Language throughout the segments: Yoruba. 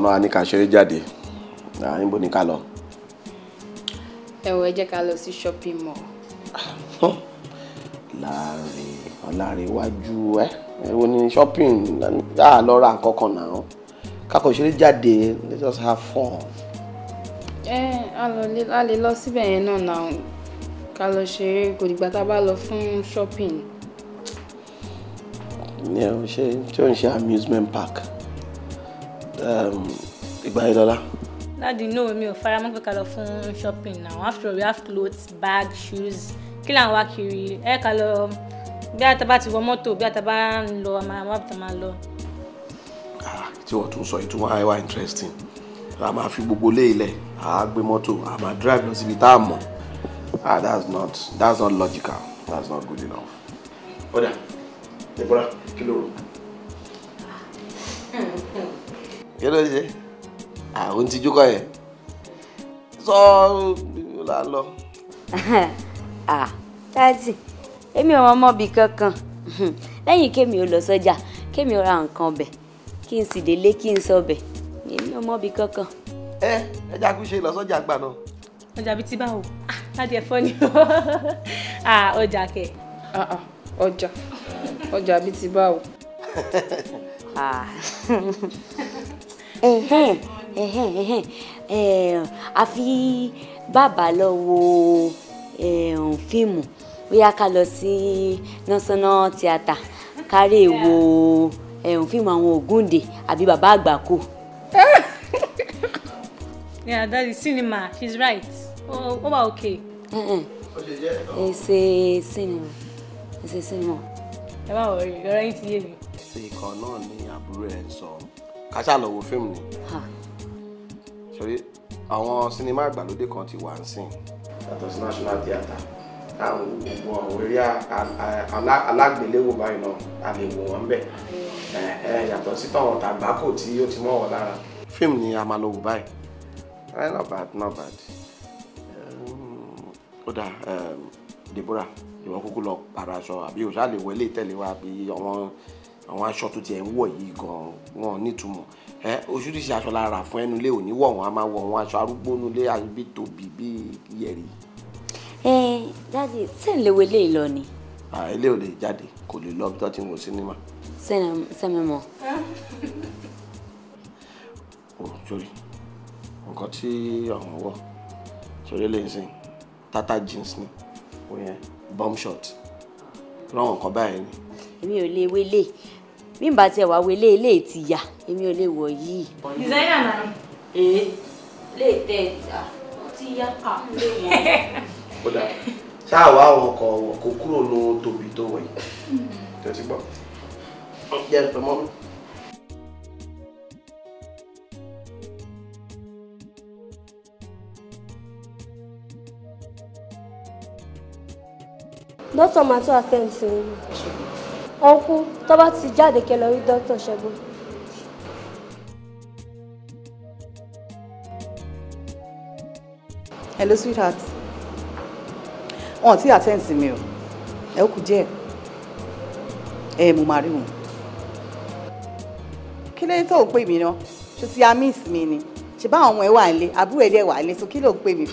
lọ́nà a ní ká ṣeré jáde níbo ni ká lọ. ẹ ẹ jẹ́ ká lọ sí shopping mall. láàrin ọ̀làrin iwájú ẹ èwo ni shopping á lọ ra nǹkan kan náà kákan ṣeré jáde let us have fun. ẹ a lè lọ síbẹ̀ yẹn náà náà ká lọ ṣeré kò dìgbà tá a bá lọ fún shopping. ní ẹ ṣe tí ò ń ṣe amusement park. Um, ìgbà yẹn lọ́la. láti inú mi ò fara mọ́ pé ká lọ fún shopping now after all we have clothes bag shoes kí là ń wá kiri ẹ ká lọ bí àtàbá ti wọ mọ́tò bí àtàbá ń lọ àmà àwọn àbùtà máa lọ. Ah, tí wọ́n tún sọ ìtumọ̀ àìwá interesting a máa fi gbogbo lé ilẹ̀ a gbé mọ́tò a máa drive lọ síbi tá a mọ̀ ah that's not that's not logical that's not good enough. ọ̀dà ìbúra kí ló rò. Hmm, hmm kí ló ṣe àwọn ti jókòó yẹn sọ ọ là ń lọ. dáàdì èmi ò mọ ibì kankan lẹ́yìn kémi ò lọ sọ́jà kémi ò ra nǹkan ọbẹ̀ kí n sì délé kí n sọ ọbẹ̀ èmi ò mọ ibì kankan. ẹ ẹja kú ṣe lọ sọ́jà àgbà náà. ọjà bíi ti báwo láti ah, ẹ̀fọ́ ni ọjà kẹ. Ah, ah, ọjà ọjà bíi ti báwo àfi bàbá lọ wo fíìmù bóyá ká lọ sí national theatre kárẹ̀ wo fíìmù àwọn Ògúndé àbí bàbá Àgbàkò. yeah that is cinema she's right Oh, wà okay. ẹ ṣe cinema ẹ ṣe cinema. ẹ bá wọrí ọ̀rẹ́ yín ti yé mi. ṣé ikọ̀ náà ni àbúrò ẹ̀ ń sọ kàṣà lọ wo fíìmù ni sori àwọn sinimá ìgbàlódé kan ti wà ń sìn yàtọ̀ sí national theatre àwọn gbogbo àwọn eré alágbèléwò báyìí náà a lè wò wọ́n bẹ́ẹ̀ yàtọ̀ sí tọ̀wọ̀n tàgbákò tí ó ti mọ́ wọn lára. fíìmù ni a máa lọ wò báyìí eh, not bad not bad ó dáa Deborah ìwọ kúkú lọ pàrọ̀ aṣọ àbí òṣàlè wọlé tẹ̀lé wa àbí àwọn àwọn aṣọ tó tiẹ̀ ń wọ̀ yìí gan-an wọn nítumọ̀ ẹ oṣooṣìṣẹ́ aṣọ la rà fún ẹnu ilé òní wọ̀ wọ́n a máa wọ àwọn aṣọ arúgbó nu ilé àbí tóbi bí yẹ̀rì. ẹ jáde sẹ́ńlẹ̀wé lè lọ ni. ilé ò lè jáde kò lè lọ tó ti ń wo sinimá. sẹ́mẹ̀mọ̀. o sori nǹkan tí àwọn wọ̀ sori lè sìn tata jeans ni òun yẹn bomb shot rán wọn kan báyìí ni èmi ò lè wélé bí n bá tiẹ̀ wá wélé ilé ti yà èmi ò lè wọ̀ yìí. designer na. ee lè tẹ ìta tí yá kà lè wọ̀. kódà ṣáà wá àwọn ọkọ̀ kúrò ní tòbí tó wọ̀ yìí tó ti gbọ́. jẹ́ ẹ pẹ́ mọ́ mi. Dọ́tọ̀ ọ̀nkú tó bá ti jáde kẹ́ lọ rí dókítà Ṣẹ́gun. hello sweetheart wọn ti attend sí mi o ẹ ó kù díẹ̀ ẹ mo máa rí wọn kí ló ń tó ń pè mí náà ṣe ti mi ni ṣe bá àwọn ọmọ ẹ wà nílé àbúrò ẹ dẹ wà nílé so kí ló ń pè mí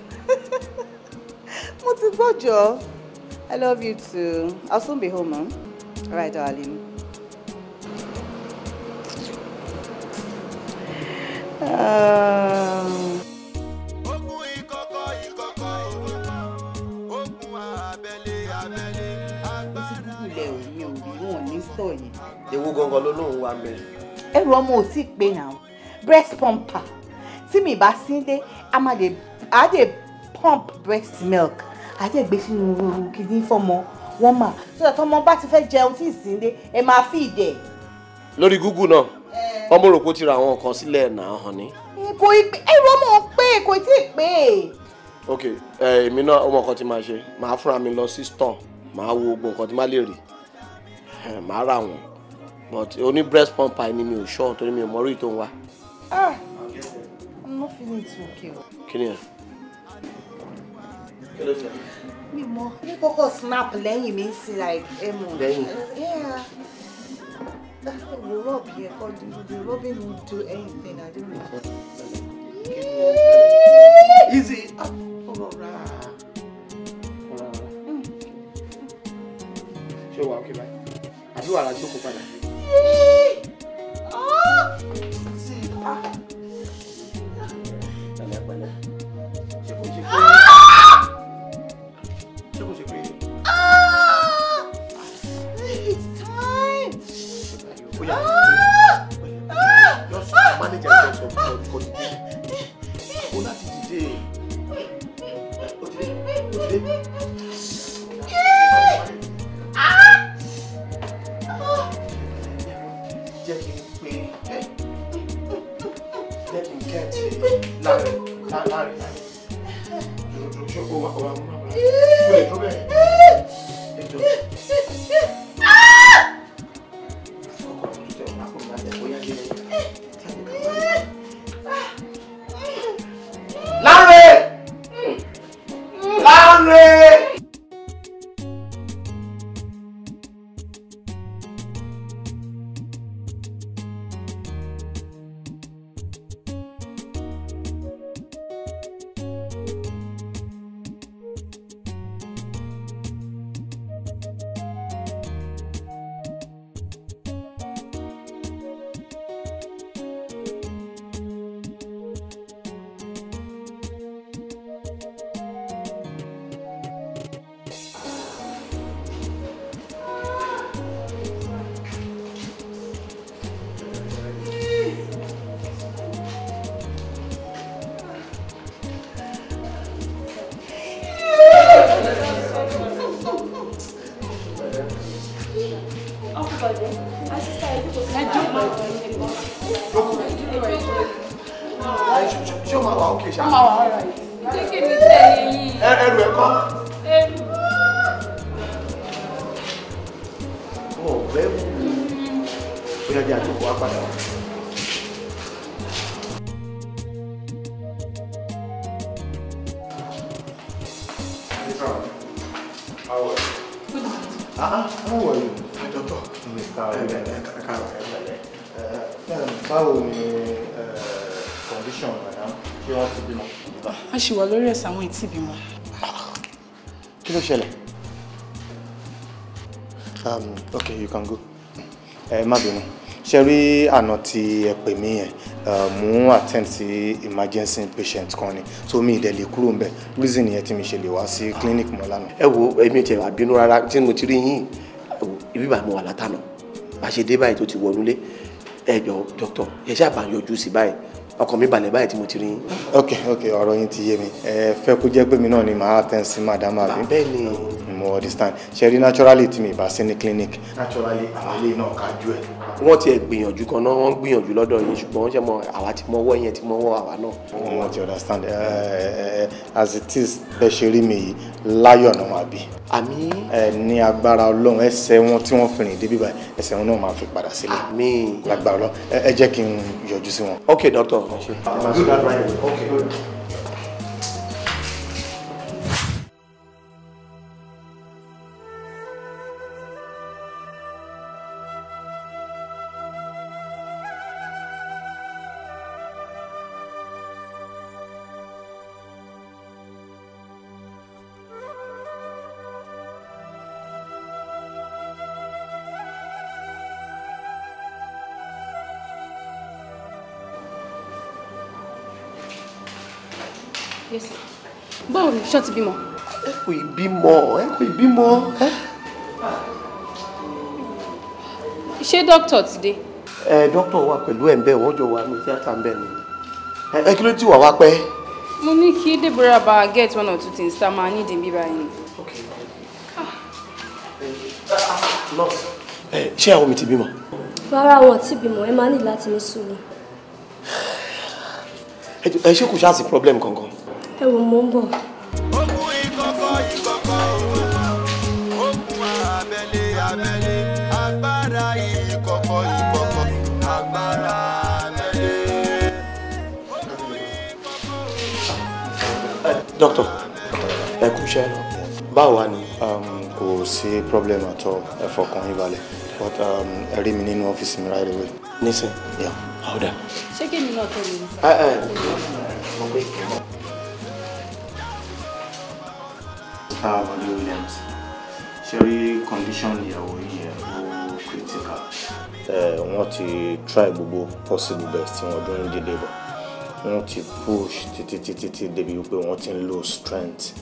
mo ti gbọ́jọ́. I love you too. I'll soon be home, huh? All right, darling. Um... ewu gangan ló lóun wá mẹ. ẹrù ọmọ ò tí ì pé yàn breast pumper tí mi bá sí dé a máa dey pump breast milk àjẹgbé sínú kìdí fọmọ wọn mà sọdọ tọmọ bá ti fẹ́ jẹun tí ìsìnlẹ ẹ máa fi ìdẹ. lórí Google náà eh. ọmọ rò pé ó ti ra àwọn nǹkan sílẹ̀ náà hàn ní. Eh, kò ì pé ẹ̀rọ mọ̀ pé kò tí ì pé. ok eh, èmi náà ọmọ kan ti máa ṣe máa fúnra mi lọ sí store máa wo gbogbo nǹkan tí má lè rí máa ra wọn but oní breast pump pie ni mi ò sure torí mi ò mọ orí tó ń wá. ah i'm not feeling too okay. kí ni ẹ mi mọ ní kókó snap lẹ́yìn mi sí like ẹ mọ̀. lẹ́yìn. wo rọ́ọ̀bì yẹn kọ́ di the robin do anything i don't know. easy. Ah, ọ̀rọ̀ rà. ṣé wàá báyìí àbí wàá ra jókòó padà. Ah! sí i. Ah. bóyá just manage your sense of for the day o láti dìde o dìde o dìde. jẹ́ kí n pè é jẹ́ kí n kẹ́ẹ̀tì láàrin láàrin láàrin ṣé o wà o wà mú àbúrò rẹ̀ o lè tó bẹ́ẹ̀ ẹjọ́. ṣe rí àná tí ẹ pè mí yẹn mò attend sí emergency patient kan ni so mi ìdẹ̀ lè kúrò ń bẹ̀ reason yẹn tí mi ṣe lè wá sí clinic mọ́ lánàá. ẹ wo èmi tiẹ̀ wà bínú rárá tí mo ti rí yín ibi bá mi wà látànà bá ṣe dé báyìí tó ti wọnúlé ẹ jọ dókítà ẹ ṣáà bá yọjú sí báyìí ọkàn mi balẹ̀ báyìí tí mo ti rí yín. ok ok ọ̀rọ̀ yín ti yé mi ẹ fẹ́ kó jẹ́ pé mi náà ni màá tẹ̀ sí màdàmà bí. bẹ́ẹ̀ ni mm mo understand ṣe rí naturally tí mi bá sí ní clinic naturally àwọn ilé náà ká ju ẹ. wọ́n ti ẹ̀ gbìyànjú kan náà wọ́n gbìyànjú lọ́dọ̀ yìí ṣùgbọ́n wọ́n ṣe mọ àwa ti mọ ọwọ́ yẹn ti mọ ọwọ́ àwa náà. wọ́n ti understand ẹ ẹ as it is ẹ ṣe rí mi yìí láyọ̀ náà máa bí. àmín. ẹ ní agbára ọlọ́run ẹsẹ̀ wọn tí wọ́n fi rìn débi báyìí ẹsẹ̀ wọn náà máa fi padà sílẹ̀. àmín. lágbára ọlọ́run ẹ jẹ́ kí n yọjú sí wọn. ok doctor. ẹ máa ṣe lágbára ẹ̀ ok. ṣó ti bímọ. ẹ kò ì bímọ ẹ kò ì bímọ. ṣé dókítà ti dé. ẹ dókítà wà pẹ̀lú ẹ̀ ń bẹ̀ wọ́n jọ wà ní tíátà ń bẹ̀ ni ẹ kí ló ti wà wá pẹ́. mo ní kí Deborah bá get one or two things tá a máa nídìí bíbá yìí. ṣé àwọn mi ti bímọ. rárá wọn ti bímọ ẹ máa ní láti ní sùúrù ẹ ṣe kò ṣáà sí problem kankan. ẹ wò mò ń bọ̀. doctor ẹ kú iṣẹ́ lọ báwo wá ni. Um, kò sí problem at all ẹ fọkàn yín balẹ̀ but um, ẹ rí mi nínú ọ́fíìsì mi right away. nísìn yà ọ̀dà. ṣé kí ni náà tẹ̀lé mi. ẹ ẹ Mr. Wale Williams ṣe rí condition ìyàwó yìí ẹ̀ ó critical. wọ́n ti try gbogbo possible best tí wọ́n dún ní dé labour wọ́n ti push títí títí tí débi wípé wọ́n ti ń lo strength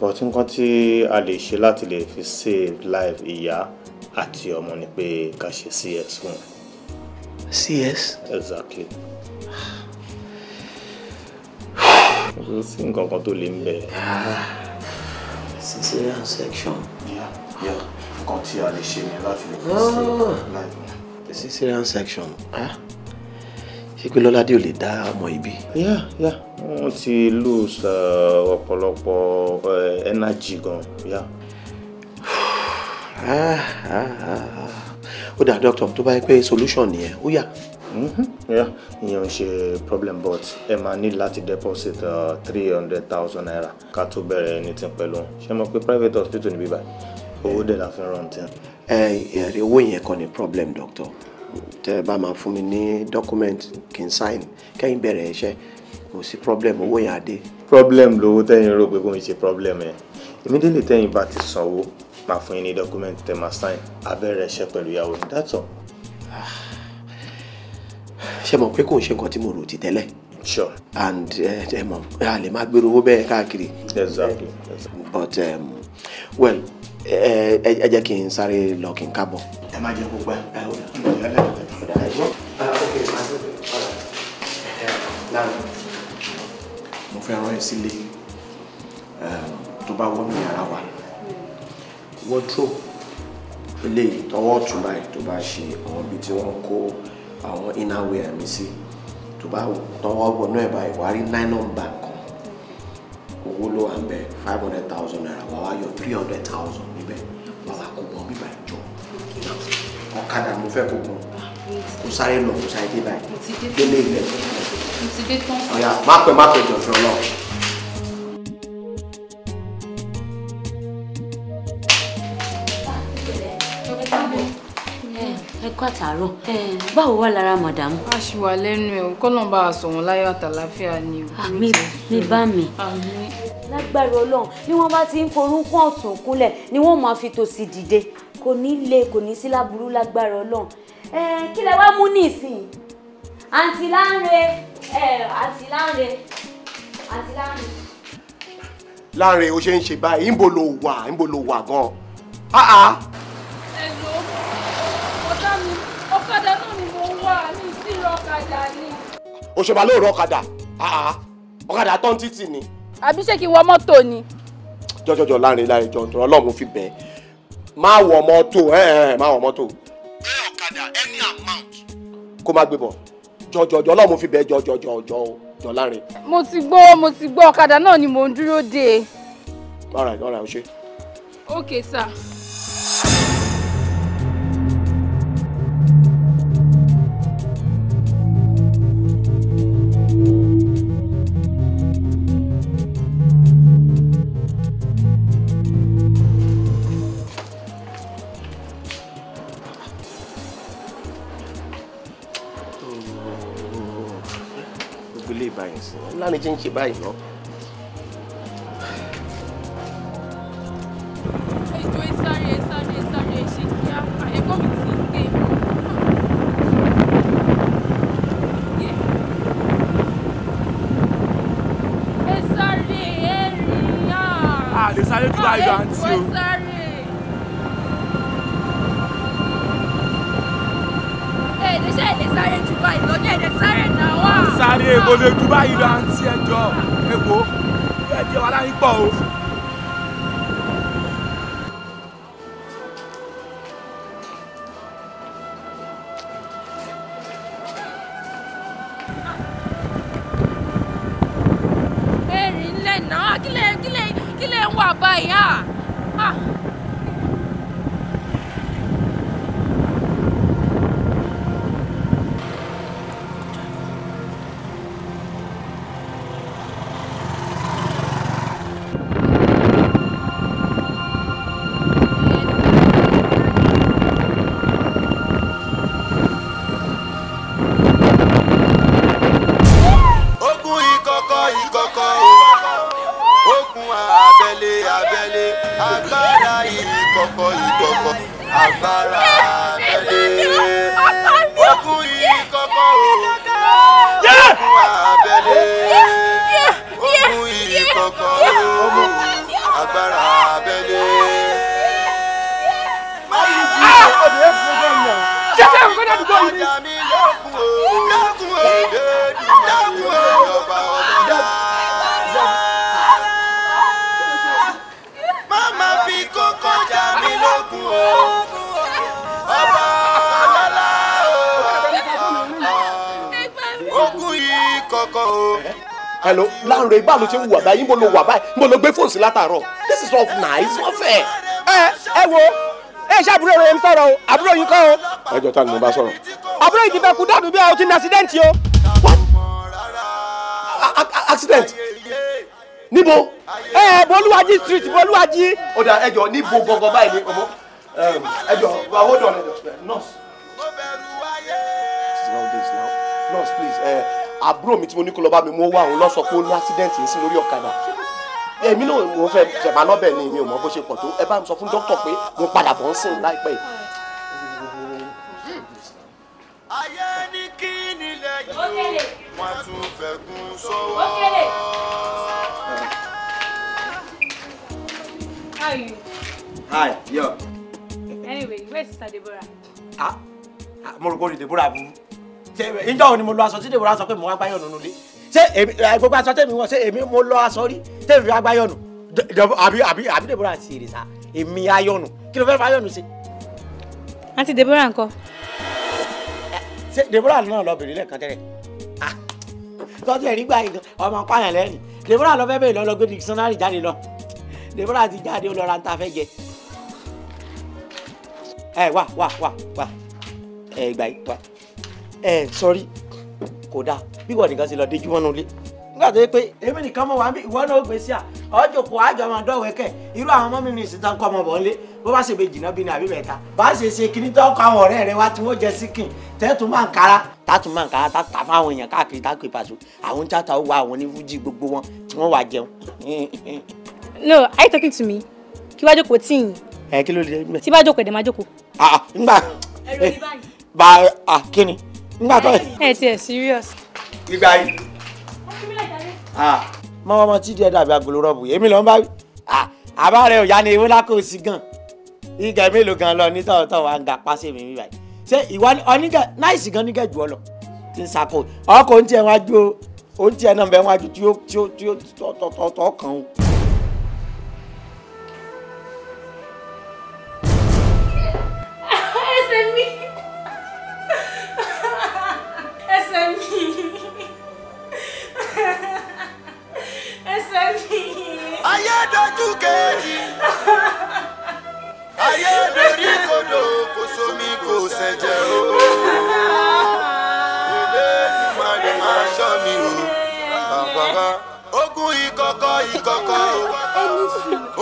but nǹkan tí a lè ṣe láti lè fi save life ìyá àti ọmọ ni pé ká ṣe cs fún un. cs. exactly. kò sí nǹkan kan tó lè ń bẹ̀. Ah, cesarean section. nǹkan tí a lè ṣe ni láti lè fi oh. save life. cesarean section. Huh? Ah ṣé pé lọ́ládé ò lè dá ọmọ ibi. yá yá wọ́n ti lose uh, ọ̀pọ̀lọpọ̀ uh, energy gan yá. Ah, ah, ah, ó dà dókítà tó bá yẹ pé solution nìyẹn ó yà. Mm-hmm, ìyẹn ń ṣe problem but ẹ máa ní láti deposit uh, three hundred thousand naira ká tó bẹ̀rẹ̀ anything pẹ̀lú ṣé mo pé private hospital ni báyìí owó dẹ̀ la fi rán tí. ẹ ẹ eh, eh, owó yẹn kọ́ ni problem doctor tẹ ẹ bá máa fún mi ní document kí n sign kẹ́yìn bẹ̀rẹ̀ iṣẹ́ kò sí problem owó yẹn á problem lówó tẹ́yìn rò pé kò ń ṣe problem ẹ̀ immediately tẹ́yìn bá ti sanwó máa fún yín ní document tẹ́ máa sign abẹ́rẹ́ iṣẹ́ pẹ̀lú ìyàwó yín that's all. ṣé mọ̀ pé kò ń ṣe nǹkan tí mo rò ti tẹ́lẹ̀. sure. and ẹ eh, eh, mọ̀ a lè má gbèrò owó bẹ́ẹ̀ káàkiri. exactly. but um, well ẹ jẹ́ kí n sáré lọ kí n kábọ̀. ẹ má jẹ́ kó pẹ́ ẹ ò ní ọ̀rẹ́ lẹ́gbẹ̀ẹ́ mo fẹ́ rán ẹ sílé tó bá wọ́n ní yàrá wa wardrobe eléyìí tọwọ́ ọ̀tún báyìí tó bá ṣe àwọn ibi tí wọ́n kó àwọn inner mi sí tó bá tọwọ́ wọnú ẹ̀ báyìí wàá rí nylon bag kan owó ló wà ń bẹ five hundred thousand naira wàá wá yọ three hundred thousand ọ̀kadà mo fẹ́ kó gun kó sáré lọ kó sáré dé báyìí délé ilẹ̀ ọ̀yà má pẹ́ má pẹ́ jọ̀ọ́ fi ọlọ́run. ẹkọ àtàárọ̀ báwo wà lára màdàmú. a ṣì wà lẹ́nu ẹ̀ kọ́nà bá a sọ̀wọ́n láyọ̀ àtàláfíà ni o. àmì ah, mi bá mi. lágbára ọlọ́run ni wọ́n bá ti ń forúkọ ọ̀tún kúnlẹ̀ ni wọ́n máa fi tòsí dìde kò ní le kò ní sí láburú lágbára ọlọ́run ẹ kí lẹ wá mú nísìn àǹtí Lánre ẹ àǹtí Lánre àǹtí Lánre. Lánre o ṣe ń ṣe báyìí ńbo lo wà ńbo lo wà gan-an. ẹ lò ó ọ̀tá mi ọ̀kadà náà ni mo wà ní ìsirò ọ̀kadà ni. òṣèbà ló rọ ọ̀kadà ọ̀kadà tán títì ni. àbí ṣé kí n wọ mọ́tò ni. jọjọjọ Lánre Lánre jọjọ Ọlọ́run fi bẹ́ẹ̀ má wọ mọ́tò má wọ mọ́tò. pé ọ̀kadà any amount. kó má gbé bọ̀ jọjọjọ ọlọ́run fi bẹ́ẹ̀ jọjọjọjọ jọ lárin. mo ti gbọ́ mo ti gbọ́ ọ̀kadà náà ni mò ń dúró dè. all right all right o ṣe. okay sir. ń ṣe báyìí náà. ètò ìsáré ìsáré ìsáré ìṣe kíá ẹ̀gbọ́n èèbò Dubai ju báyìí lọ àǹtí ẹjọ́ èèbò ẹjọ́ wa láyé o. hello láàrin ibà ló ṣe ń wà báyìí níbo ló wà báyìí níbo ló gbé fóònù sí látàárọ̀ this is not nice wọ́n fẹ́. ẹ ẹ wo ẹ ṣe àbúrò rẹ ń fọ̀rọ̀ o àbúrò yìí kọ́ o. ẹjọ ta ni mo bá sọ̀rọ̀. àbúrò yìí ti fẹ́ kú dànù bí i ọtí ní accident o. what accident níbo. ẹ ẹ bolúwájí street bolúwájí. ó dà ẹjọ níbo gangan báyìí ni ọmọ ẹjọ hold on ẹjọ nurse. nurse please. Uh, àbúrò mi tí mo ní kó lọ bá mi mú wá òun lọ sọ pé ó ní accident yìí sí lórí ọ̀kadà èmi náà mo fẹ́ jẹ̀bá lọ́bẹ̀ ni mi ò mọ bó ṣe pọ̀ tó ẹ bá mi sọ fún dókítà pé mo padà bọ̀ ń sìn láìpẹ́ yìí. Hi, yo. Anyway, where's Sister Deborah? Ah, ah, mo rò pé o Deborah burú tẹ́wẹ̀. ìjọ òní mo lọ aṣọ tí dèbò aṣọ pé mo wá gbáyọ̀ nínú ilé ṣé èmi gbogbo aṣọ tẹ̀mí wọ̀ ṣé èmi mo lọ aṣọ rí tẹ̀mí fi wá gbáyọ̀ nù àbí àbí àbí Deborah ti rè sa èmi ayọ̀nù kí ló fẹ́ fẹ́ ayọ̀nù ṣe. àǹtí Deborah ńkọ́. ṣé Deborah náà lọ bèrè lẹ́ẹ̀kan tẹ́lẹ̀ tọ́jú ẹ̀rí gbà yìí ọmọ pààyàn lẹ́rìn Deborah lọ fẹ́ bèrè lọ lọ gbé dictionary jáde lọ Deborah ti jáde ó lọ ra ta fẹ́ jẹ. ẹ wá wá wá wá ẹ sọrí kò dáa bí wọ́n nìkan ti lọ déjú mọ́nú ilé nígbà tó yẹ pé èmi nìkan mọ̀ wá ń bí ìwọ náà ó gbé sí à ọjọ́ kò àjọ máa dọ̀wẹ́ kẹ̀ irú àwọn ọmọ mi ní ìsìn tán kọ́ ọmọ bọ̀ ńlé bó bá ṣe bẹ jìnnà bí ní àbí mẹ́ta bá ṣe ṣe kíní tó kọ àwọn ọ̀rẹ́ rẹ wá tí wọ́n jẹ síkìn tẹ́tù máa ń kára tátù máa ń kára tátà fáwọn èèyàn káàkiri tákù ìpàṣọ àwọn játa ó wá àwọn onífújì gbogbo wọn tí wọ́n wá jẹun. no are you talking to me kí wàá jókòó tí yìí. ẹ eh, kí ló lè dé. tí bá jókòó dẹ̀ máa jókòó. ah ah ngbà. ẹ̀rọ ìbáyìí. bá a ah, kíni nígbà tó ẹ ti ẹ serious. ìgbà yìí. Ah. Ah. mọ ọmọ tí díẹ̀ dàbí agolo rọ́ọ̀bù èmi ló ń bá ah. àbá rẹ òyà ni ewúlá kò sí gan ìgà mélòó gan lọ ní tọ̀tọ̀ wa ń ga pàṣẹ mi bíbá yìí ṣé ìwà onígẹ náìsì gan nígẹ jù ọ lọ ti ń sakó ọkọ̀ oúnjẹ wájú o oúnjẹ náà bẹ wájú tí ó tí ó tí ó tọ̀tọ̀ kàn ó. dojú kejì ayé dorí kodò kò sómi kò sẹ̀jẹ̀ o. Olódùmarè máa ṣọ́ mi o bàbá ogun ìkọ̀kọ̀ ìkọ̀kọ̀ o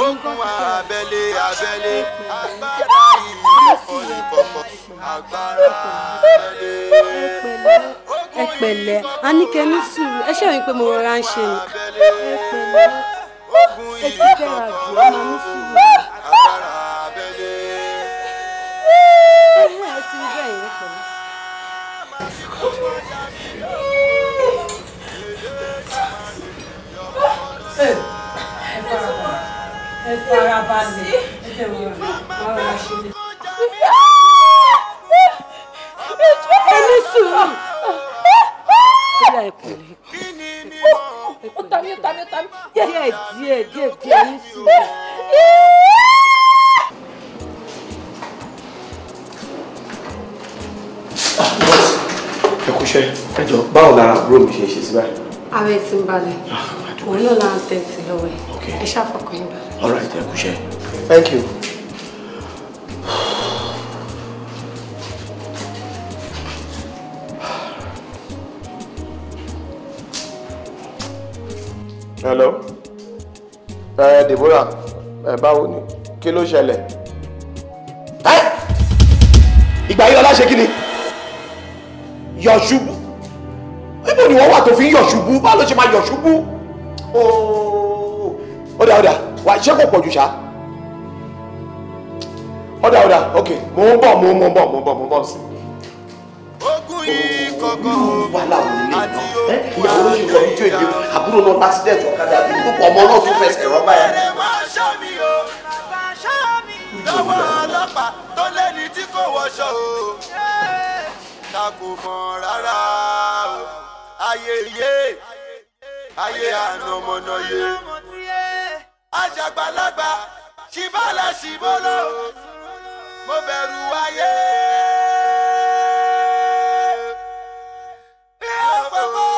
ogun abẹ́lé abẹ́lé agbára ìlú ìkọ̀kọ̀ agbára abẹ́lé ẹ pẹ̀lẹ́ a ní kẹ́ sùúrù ẹ ṣe rí i pé mo rọra ń ṣe ni ogun yìí kankan agbára abẹ́lé. ọmọ ẹ ti fara balẹ̀ ẹ tẹ̀ wọ́n wọ́n wá ṣe lé. ẹni sùúrù. kí ni mi ó ta mí ó ta mí ó ta mí. díẹ̀ díẹ̀ díẹ̀ díẹ̀ ní sùúrù. ẹ kú ṣe ẹ jọ báwo lára àbúrò mi ṣe ṣe sí báyìí. ààrẹ ti ń balẹ̀ òun náà là ń tẹ̀sí lọ́wọ́ ẹ ẹ ṣàfọkàn yín balẹ̀. all right ẹ kú ṣe thank you. hello ẹ uh, Deborah ẹ uh, báwo ni kí ló ṣẹlẹ̀. ìgbà yìí ọlá ṣe kí ni yọ̀ṣubú níbo ni wọ́n wà tó fi ń yọ̀ṣubú báwo ló ṣe máa yọ̀ṣubú ọ̀dà ọ̀dà wà ṣé kò pọ̀jù ṣá ọ̀dà ọ̀dà ok mò ń bọ̀ mò ń bọ̀ mò ń bọ̀ mò ń bọ̀ sí. ogun yìí kọ̀ọ̀kan wàhálà wò ìyàwó ló ṣe nǹkan fídíò èdè àbúrò náà lásìdẹ̀tì ọ̀kadà gbogbo ọmọ náà tún fẹsẹ̀ rọ́bà yẹn. lọ́wọ́ ọlọ́pàá tó lẹ́ni tí kò wọṣọ o ta kò rárá o ayé yé ayé ànàmọ́nà yé àjàgbàlagbà ṣìbálà ṣìbólò mo bẹ̀rù ayé. oh.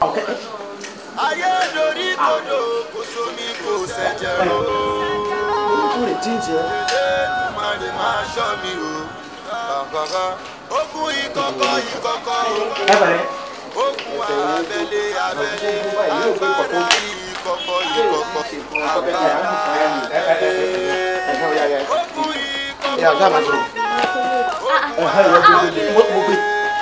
ayé lórí kodò kò sómi kò sẹ̀jẹ̀ o. Èdèmàdè máa ṣọ́ mi o. Bàbá ogun ìkọ̀kọ̀ ìkọ̀kọ̀ o. Ogun abẹ́lé abẹ́lé agbára ìkọ̀kọ̀ ìkọ̀kọ̀ agbára abẹ́lé. Ogun ìkọ̀kọ̀ ìkọ̀kọ̀ agbára.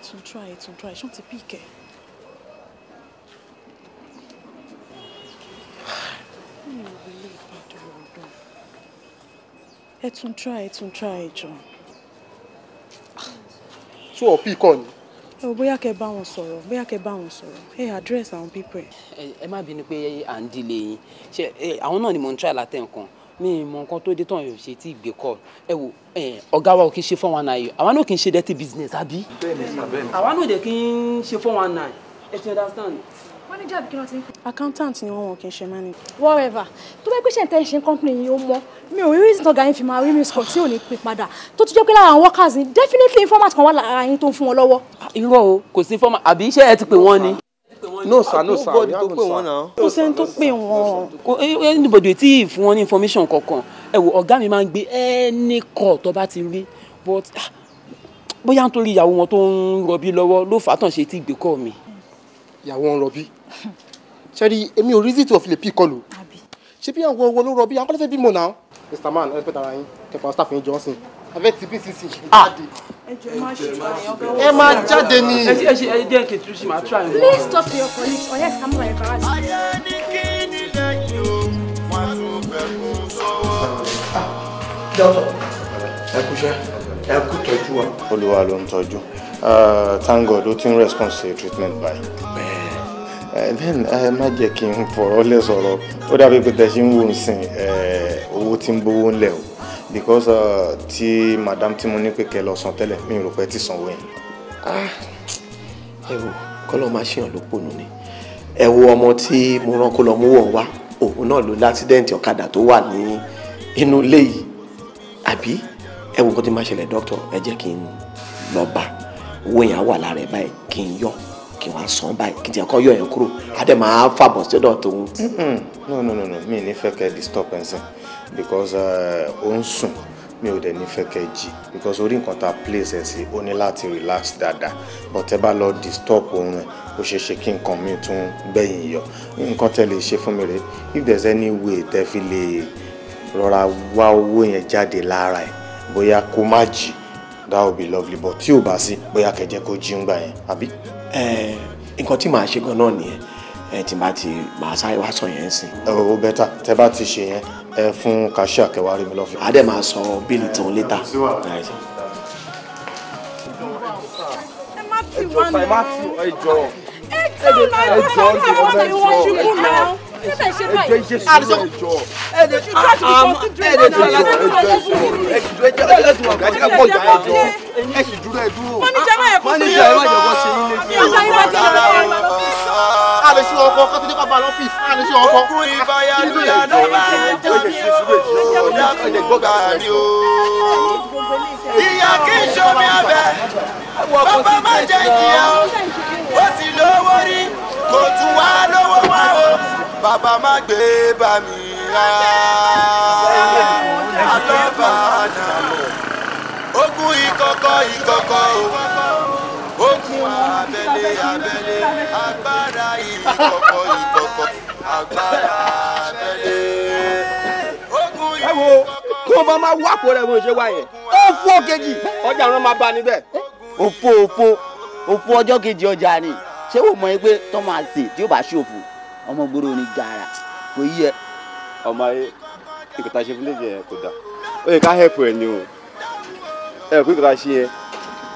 It's on try, it's on try. Ṣé wọ́n ti pick ẹ̀? Mi ò rí ilé ìbàdàn ọ̀dọ́. Ẹ tún try, ẹ tún try jọ. Ṣé ọ̀ pick ọ̀ ni? Ẹ wo bóyá kẹ bá wọn sọ̀rọ̀, bóyá kẹ bá wọn sọ̀rọ̀. Ẹ address àwọn people ẹ̀. Ẹ má bínú pé à ń dílé yín. Ṣé àwọn náà ni mò ń try látẹ̀ nǹkan? mi ì mọ nǹkan tó dé tán yóò ṣe tí ìgbé kọ ẹ wo ọ̀gá wa ò kí ń ṣe four one nine àwa náà kì í ṣe dirty business àbí. àwa náà dẹ̀ kì í ṣe four one nine ẹ ti understand. manager kí ló ti ń pè. accountant ni wọn wọn kì í ṣe manager. whatever tó bá pèsè ǹtẹ́ ìṣe company yìí ó mọ mi ò rí reason tọ́ga yín fi máa rí mi sọ tí ò ní pè padà tó ti jẹ́ pé lára àwọn workers ni definitely informant kan wà lára yín tó ń fún wọn lọ́wọ́. Ah, irọ́ o kò sí informant àbí iṣẹ́ ẹ ti pè wọ́n ni no sir no sir nobody tó pè wọ́n náà. kò sẹ́ni tó pè wọ́n eh, eh, anybody tí fún wọn ní information kankan ẹ wo ọ̀gá mi máa ń gbé any call tó bá ti rí but ah, bóyá nítorí ìyàwó wọn tó ń rọbí lọ́wọ́ ló fà á tàn ṣe tí ìgbé call mi. ìyàwó ń rọbí ṣẹ́rí èmi ò reason to fi lè pí kọlù ṣé bí àwọn ọwọ́ ló rọbí àwọn kọ́lẹ́fẹ́ bímọ náà. mr man ẹ pẹ́ tara yín kẹfà staff yín johnson abẹ́ ti bcc ah. jáde. ẹ máa ni. please stop your colleagues Oh yes, come on, you. ayé ní kí ni lẹ́yìn o wọ́n tún fẹ́ kó sọ́wọ́. Ah, dọ́tọ̀ ẹ ah, thank God ó ti ń response to treatment by. báyìí. Eh, then uh, má jẹ́ kí n fọ̀rọ̀ lẹ́sọ̀rọ̀ ó dàbí people that ṣe ń wò uh, sìn eh, owó tí ń because uh, ti madam ti mo ní pé kẹ́ lọ san tẹ́lẹ̀ mi rò pé ti sanwó yẹn. Ah, ẹ wo kọ́lọ́ máa ṣèyàn ló pònú ni ẹ wo ọmọ tí mo rán kó lọ mú wọ̀ wá òun náà ló lásídẹ̀ǹtì ọ̀kadà tó wà ní inú ilé yìí àbí ẹ wo nǹkan tí máa ṣẹlẹ̀ dókítà ẹ jẹ́ n lọ bá owó yẹn á wà lára ẹ̀ báyìí kí n yọ kí wọ́n á báyìí kí n tiẹ̀ kọ́ yọ yẹn kúrò á dẹ̀ máa fàbọ̀ sódò tòun. no no no mi ò ní fẹ́ kẹ́ disturb ẹ̀ sẹ́yìn because eh, ó ń sùn mi ò dẹ̀ ní fẹ́ kẹ́ jí because orí nǹkan tá a place ẹ̀ sí ó ní láti relax dáadáa but ẹ bá lọ disturb oorun ẹ̀ ó ṣeé ṣe kí nǹkan mi tún gbẹ̀yìn yọ nǹkan tẹ́ lè ṣe fún mi rèé if there's any way tẹ́ fi lè rọra wá owó yẹn jáde lára ẹ̀ bóyá kó má jí that would be lovely but tí ò bá sí bóyá kẹjẹ kó jí ń gbà yẹn àbí. nǹkan tí màá ṣe gan-an nìyẹn tí màá ti màá sáré wá sọ yẹn sí. ó bẹ́tà tẹ́ bá ti ṣe yẹn ẹ fún kàṣí àkẹwà rí mi lọ́fẹ̀ẹ́. a dẹ̀ máa sọ bíìlì tán létà. ẹ má tì wá nù. ẹ jọ ẹ jọ ẹ jọ ẹ jọ ẹ jọ Manager, a lè ṣe ọkọ kó tó dé pápá lọ́fíìsì a lè ṣe ọkọ. okùn ìbáyà lóya ló máa ń jọ mí o ó dákúndé gbọ́gà rí o. ìyá kì í ṣomi abẹ bàbá má jẹ ìyá o ó ti lówó rí kò tún wá lówó wá o bàbá má gbé bá mi abẹ́lé abẹ́lé agbára ìkọ̀kọ̀ ìkọ̀kọ̀ agbára abẹ́lé. ogun ìkọ̀kọ̀ kó o bá máa wá àpò rẹ̀ bó ṣe wá yẹn ó fọ́ kejì ọjà rán máa bá níbẹ̀. òfo òfo òfo ọjọ́ kejì ọjà ni ṣé wò mọ̀ ẹ́ pé tọ́mọ àṣẹ tí ó bá ṣòfò ọmọ gbòòrò ni gàrà kò yí ẹ. ọmọ ayé ìkọta ṣe fúnlẹ̀ yẹn kò dà ó yẹ ká hẹ́pù ẹ̀ ni o ẹ̀ kó ìkọta ṣe yẹn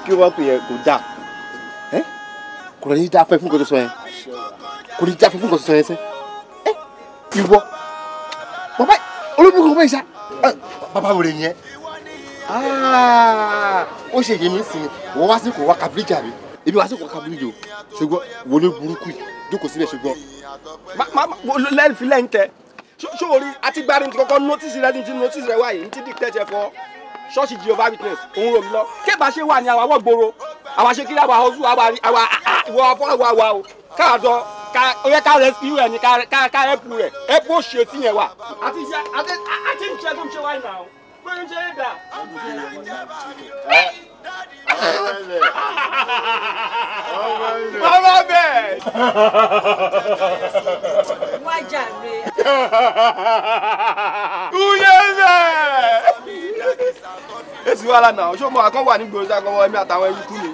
kí wọ́n pè yẹn kò dáa kò ní dáa fẹ́ fún nǹkan tó sọ yẹn kò ní dáa fẹ́ fún nǹkan tó sọ yẹn sẹ́ ẹ ìwọ bàbá olóbìnrin kò bá ìṣá bàbá wòlé yẹn ah, ó ṣe yé mi sí ni wọ́n wá sí kò wá kàbíríjà mi èmi wá sí kò wá kàbíríjà o ṣùgbọ́n wọlé burúkú yìí jókòó síbẹ̀ ṣùgbọ́n. lẹ́ẹ̀fì lẹ́ǹtẹ̀ ṣó orí àtìgbárin ti kọ́kọ́ nọ́tìsì rẹ ti nọ́tìsì rẹ wáyé ní ti dìtẹ̀ jẹ fọ́ ṣọ́ọ̀ṣì Jehovah witness òun rò mí lọ kébà ṣe wà ní àwọn àwọ̀ gbòòrò àwọn ṣe kí àwọn ọ̀ṣù àwọn ìwọ afọ́lọ́wọ́ àwa o káàdọ̀ ọ̀yẹ́ ká rescue ẹ̀ ní ká ẹ̀pù rẹ̀ ẹ̀pù òṣì etí yẹn wà. àti iṣẹ́ àti iṣẹ́ tó ń ṣe wáyé náà pé ń ṣe é dà. ọmọ bẹ́ẹ̀. wájà rẹ̀. sí wàhálà náà ṣó mo àkàn wà nígboro tá a kọ́wọ́ àtàwọn eruku ni.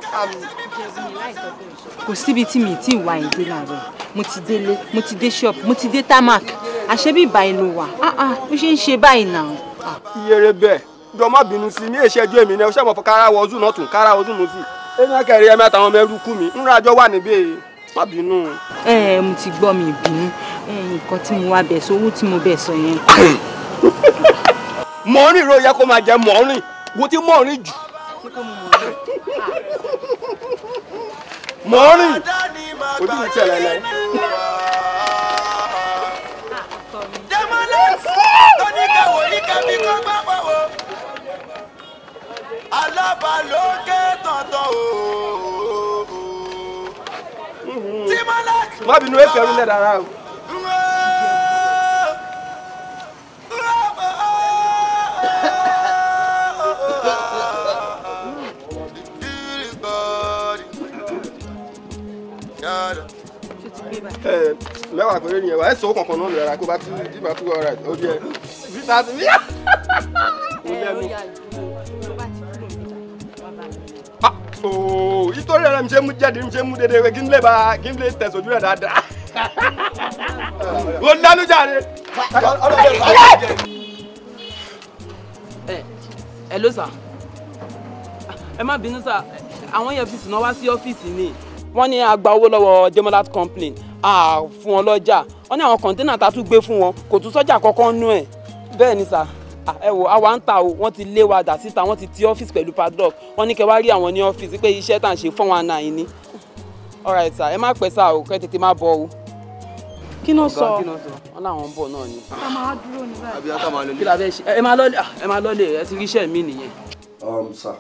kò síbi tí mi ti wà ìdè làárọ̀ mo ti délé mo ti dé shop mo ti dé tamak àṣẹ bí ìbàyìí ló wà ah, ah, ó ṣe ń ṣe báyìí náà. Ah. iyere bẹ́ẹ̀ jọ má bínú sí mi èṣẹjú èmi náà ṣàmọ fún kára wọzú náà tún kára wọzú mú sí ẹni akẹrẹ ẹmí àtàwọn ọmọ ẹrúkú mi ńlá àjọ wà níbí má bínú. ẹ ẹ mo ti gbọ́ mi ìbínú nǹkan tí mo wá bẹ̀ sọ owó tí mo bẹ̀ sọ yẹn. mọ́rin ro yẹ kó máa jẹ mọ́rin wo ti mọ̀ rìn jù. mọ̀ rìn ojú mi tẹ̀ láìláì. alábàlókè tọ̀tọ̀ o. má bínú ẹ fẹ́ orí lẹ́dàá o. mẹ́wàá péré nìyẹn wà ẹ̀ sọ kankan náà rárá kó bá ti di bá ti wọ ọ̀rá ó jẹ visa ti mi. ooo ìtòrí ẹ̀rọ mi ṣe mú jáde mi ṣe mú dédé pé kí ba kí n lè tẹ̀sọ̀ o lánú jáde. ẹ ló sà ẹ má bínú sà àwọn yẹn fi sùn náà wá sí ọ́fíìsì ni wọ́n ní a owó lọ́wọ́ Demolat complain a fún wọn lọ́jà wọ́n ní àwọn kọ̀ńténà tá a tún gbé fún wọn kò tún sọ́jà kankan nú ẹ̀ bẹ́ẹ̀ ni sà ẹ wò àwa ń ta o wọ́n ti lé wa dà síta wọ́n ti ti ọ́fíìsì pẹ̀lú padlock wọ́n ní kẹ́ wá rí àwọn ní ọ́fíìsì pé iṣẹ́ tá à ń ṣe fún wọn náà yìí ni alright sà ẹ má pẹ́ sà o kẹ́ tètè má bọ̀ o. kí ló sọ wọn làwọn ń bọ̀ náà ni. ká máa dúró ní báyìí. kí la fẹ́ ṣe ẹ máa lọ́lẹ̀ ẹ ti ríṣẹ́ mi nìyẹn. Um, sà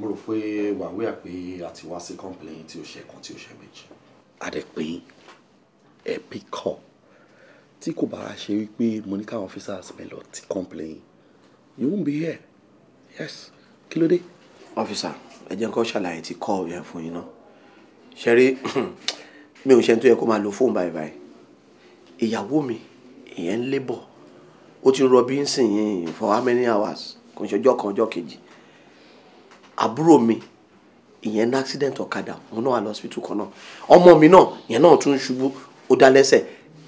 mo rò pé wàá wíyà pé àtiwá sí complain tí ó ṣe kan tí ó ṣe méjì. a dẹ̀ pín ẹbí kọ̀ tí kò bá ṣe wípé mo officers mi lọ ti complain you won't be here yes kí ló dé. officer ẹ jẹ́ kó ṣàlàyé ti kọ́ ọ̀yà fún yín náà ṣe rí mi ò ṣe tó yẹ kó máa lo fóònù báyìí báyìí ìyàwó mi ìyẹn ń lébọ̀ ó ti ń rọbí ń sìn yín for how many hours kò ń ṣe ọjọ́ kan ọjọ́ kejì àbúrò mi ìyẹn ní accident ọ̀kadà òun náà wà lọ hospital kan náà ọmọ mi náà ìyẹn náà tún ṣubú ó dá lẹ́sẹ̀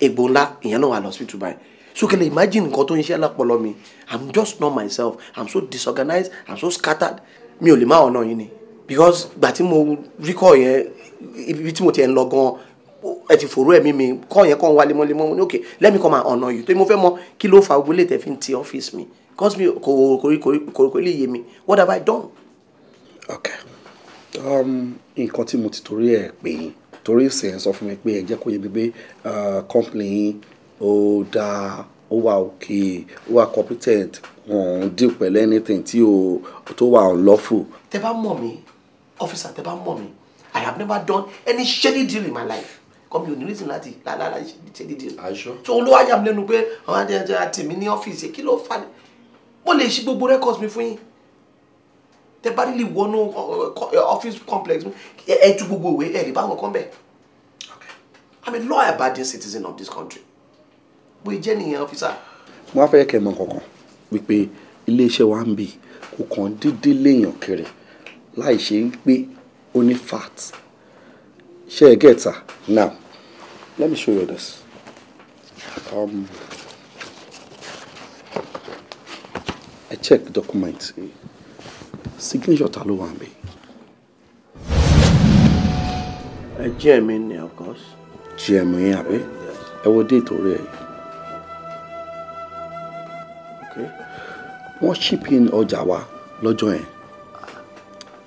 egbò ńlá ìyẹn náà wà lọ́sibítù báyìí so kele imagine nǹkan tó ń ṣe lápọlọ mi i'm just not myself i'm so disorganized i'm so scattered mi ò lè má ọ̀nà yìí ni because gbà tí mo rí kọ́ yẹn ibi tí mo ti ẹ̀ ń lọ gan-an ẹ ti fòrò ẹ̀mí mi kọ́ yẹn kàn wá lemọ́lemọ́ mo ní okay let me come and ọ̀nà yìí tó mo fẹ́ mọ kí ló fa ogun létẹ̀ fi ń ti ọ́fíìsì mi cause mi kò kò kò lè yé mi what have i done. okay um, nǹkan tí mo ti torí ẹ̀ pè yín torí ìsìn sọ fún mi pé ẹ jẹ́ kó yé company yín ó dáa ó wà òkè ó wà competent wọn ò dín anything tí o tó wà unlawful. tẹ bá mọ̀ mí officer tẹ bá mọ̀ mí i have never done any shady deal in my life kọ́mi ò ní reason láti lára shady deal. aṣọ. so olówó ayé mi lẹ́nu pé àwọn adé ẹja tèmi ní ọ́fíìsì kí ló fà ní mo lè ṣí gbogbo records mi fún yín tẹ bá lílì wọnú uh, office complex ẹ ju gbogbo ìwé ẹ lè bá bẹ i'm a law abiding citizen of this country bó jẹ́ nìyẹn ọ́fíṣà. wọ́n á fẹ́ kẹ́ mọ̀ kankan wípé iléeṣẹ́ wa ń bì kò kàn dídí léèyàn kiri láì ṣe pé ó ní fat ṣe é gẹ̀ta now let me show you this. Um, I check the document signature ta ló wà níbí. ẹ jẹ́ mi ni of course. jẹ́ mi àbí ẹ wo déètì orí ẹ̀ yìí. wọ́n shipping ọjà wa lọ́jọ́ yẹn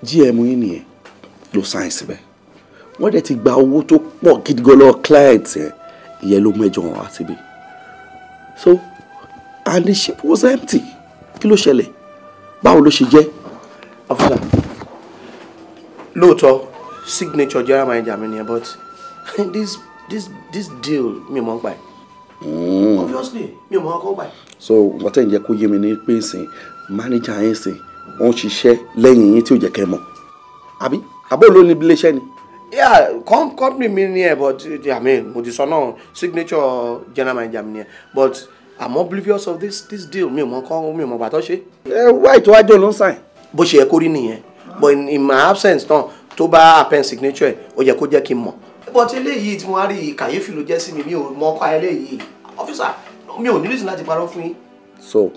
gm yín nìyẹn ló sáyẹn síbẹ̀ wọ́n dẹ̀ ti gba owó tó pọ̀ gidi gan lọ́wọ́ client yẹn ìyẹn ló mẹ́jọ wọn wá síbi so and the ship was empty kí ló ṣẹlẹ̀ báwo ló ṣe jẹ́ lóòótọ́ signature general manager mi nìyẹn but this this this deal mi ò mọ̀ pa ẹ̀. Mm. obviously mi ò mọ̀ pa ẹ̀. so nǹkan tẹ̀ ń jẹ́ kó yé mi ní pé ìsìn manager yẹn sìn ó ń ṣiṣẹ́ lẹ́yìn yín tí ò jẹ́ kẹ́ mọ̀ àbí àbó ló ní ilé ni. yeah com company mi ni ẹ but i mean mo ti sọ náà signature general manager ni ẹ but i'm oblivious of this this deal mi ò mọ̀ ọkọ̀ mi ò mọ̀ bàtọ́ ṣe. ẹ wá ìtọ́wájú ló ń sàn bó ṣe yẹ kó rí nìyẹn but in, in my absence náà tó bá append signature ẹ̀ ó yẹ kó jẹ́ kí n mọ̀. but eléyìí tí mo á rí kàyéfì ló jẹ́ sí mi mi ò mọ ọkọ eléyìí ọ́fíìsà mi ò ní reason láti parọ́ fún yín. so uh,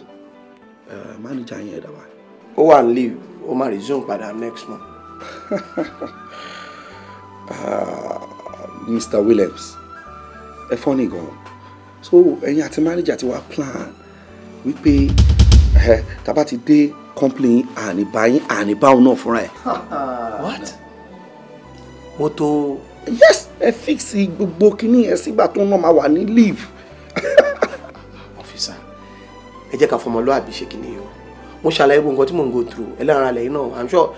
manager yẹn dàbà. ó wà ní leave ó máa resume padà next month. uh, ah, Mr. Williams ẹ fọ́nì gan-an so ẹ̀yin àti manager ti wá plan wípé eh, tá a bá ti dé kọ́ńpìlì àníbá yín àníbá òun náà fúnra ẹ̀. what? mo yes ẹ fíìsì gbogbo kínní ẹ sígbà tó náà máa wà ní leave. ọ̀fíìsà ẹ jẹ́ ká fọmọlúwàbí ṣe kínní o mo ṣàlàyé gbogbo nǹkan tí go through ẹ lẹ́ran alẹ́ yìí i'm sure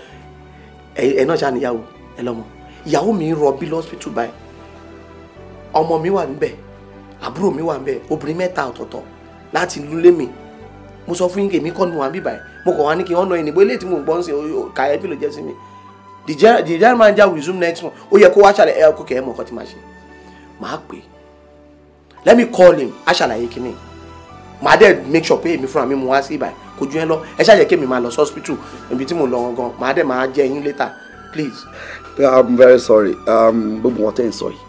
ẹ náà ṣàníyàwó ẹ lọ́mọ ìyàwó mi ń rọbí lọ́sítù báyìí ọmọ mi wà níbẹ̀ àbúrò mi wà níbẹ̀ obìnrin mẹ́ta ọ̀tọ̀ọ̀tọ̀ láti lulẹ̀ mi mo sọ fún yín kèmí kọ́ ni wà ń bíbáyìí mo kàn wá ní kí wọ́n nọ ìnìbó ilé tí mò ń gbọ́ ń sìn kàyéfì ló jẹ́ sí mi the general manager resume next month ó yẹ kó wá ṣàlẹ̀ ẹ kó kẹ́ ẹ mọ̀ nǹkan tí màá ṣe màá pè é let me call him á ṣàlàyé kínní màá dẹ̀ make sure pé èmi fúnra mi mo wá sí ibà kojú ẹ lọ ẹ ṣàjẹ́ kí èmi máa lọ sí hospital ibi tí mo lọ gangan màá dẹ̀ máa jẹ yín later please. i'm very sorry um, gbogbo wọn tẹ́ ń sọ yìí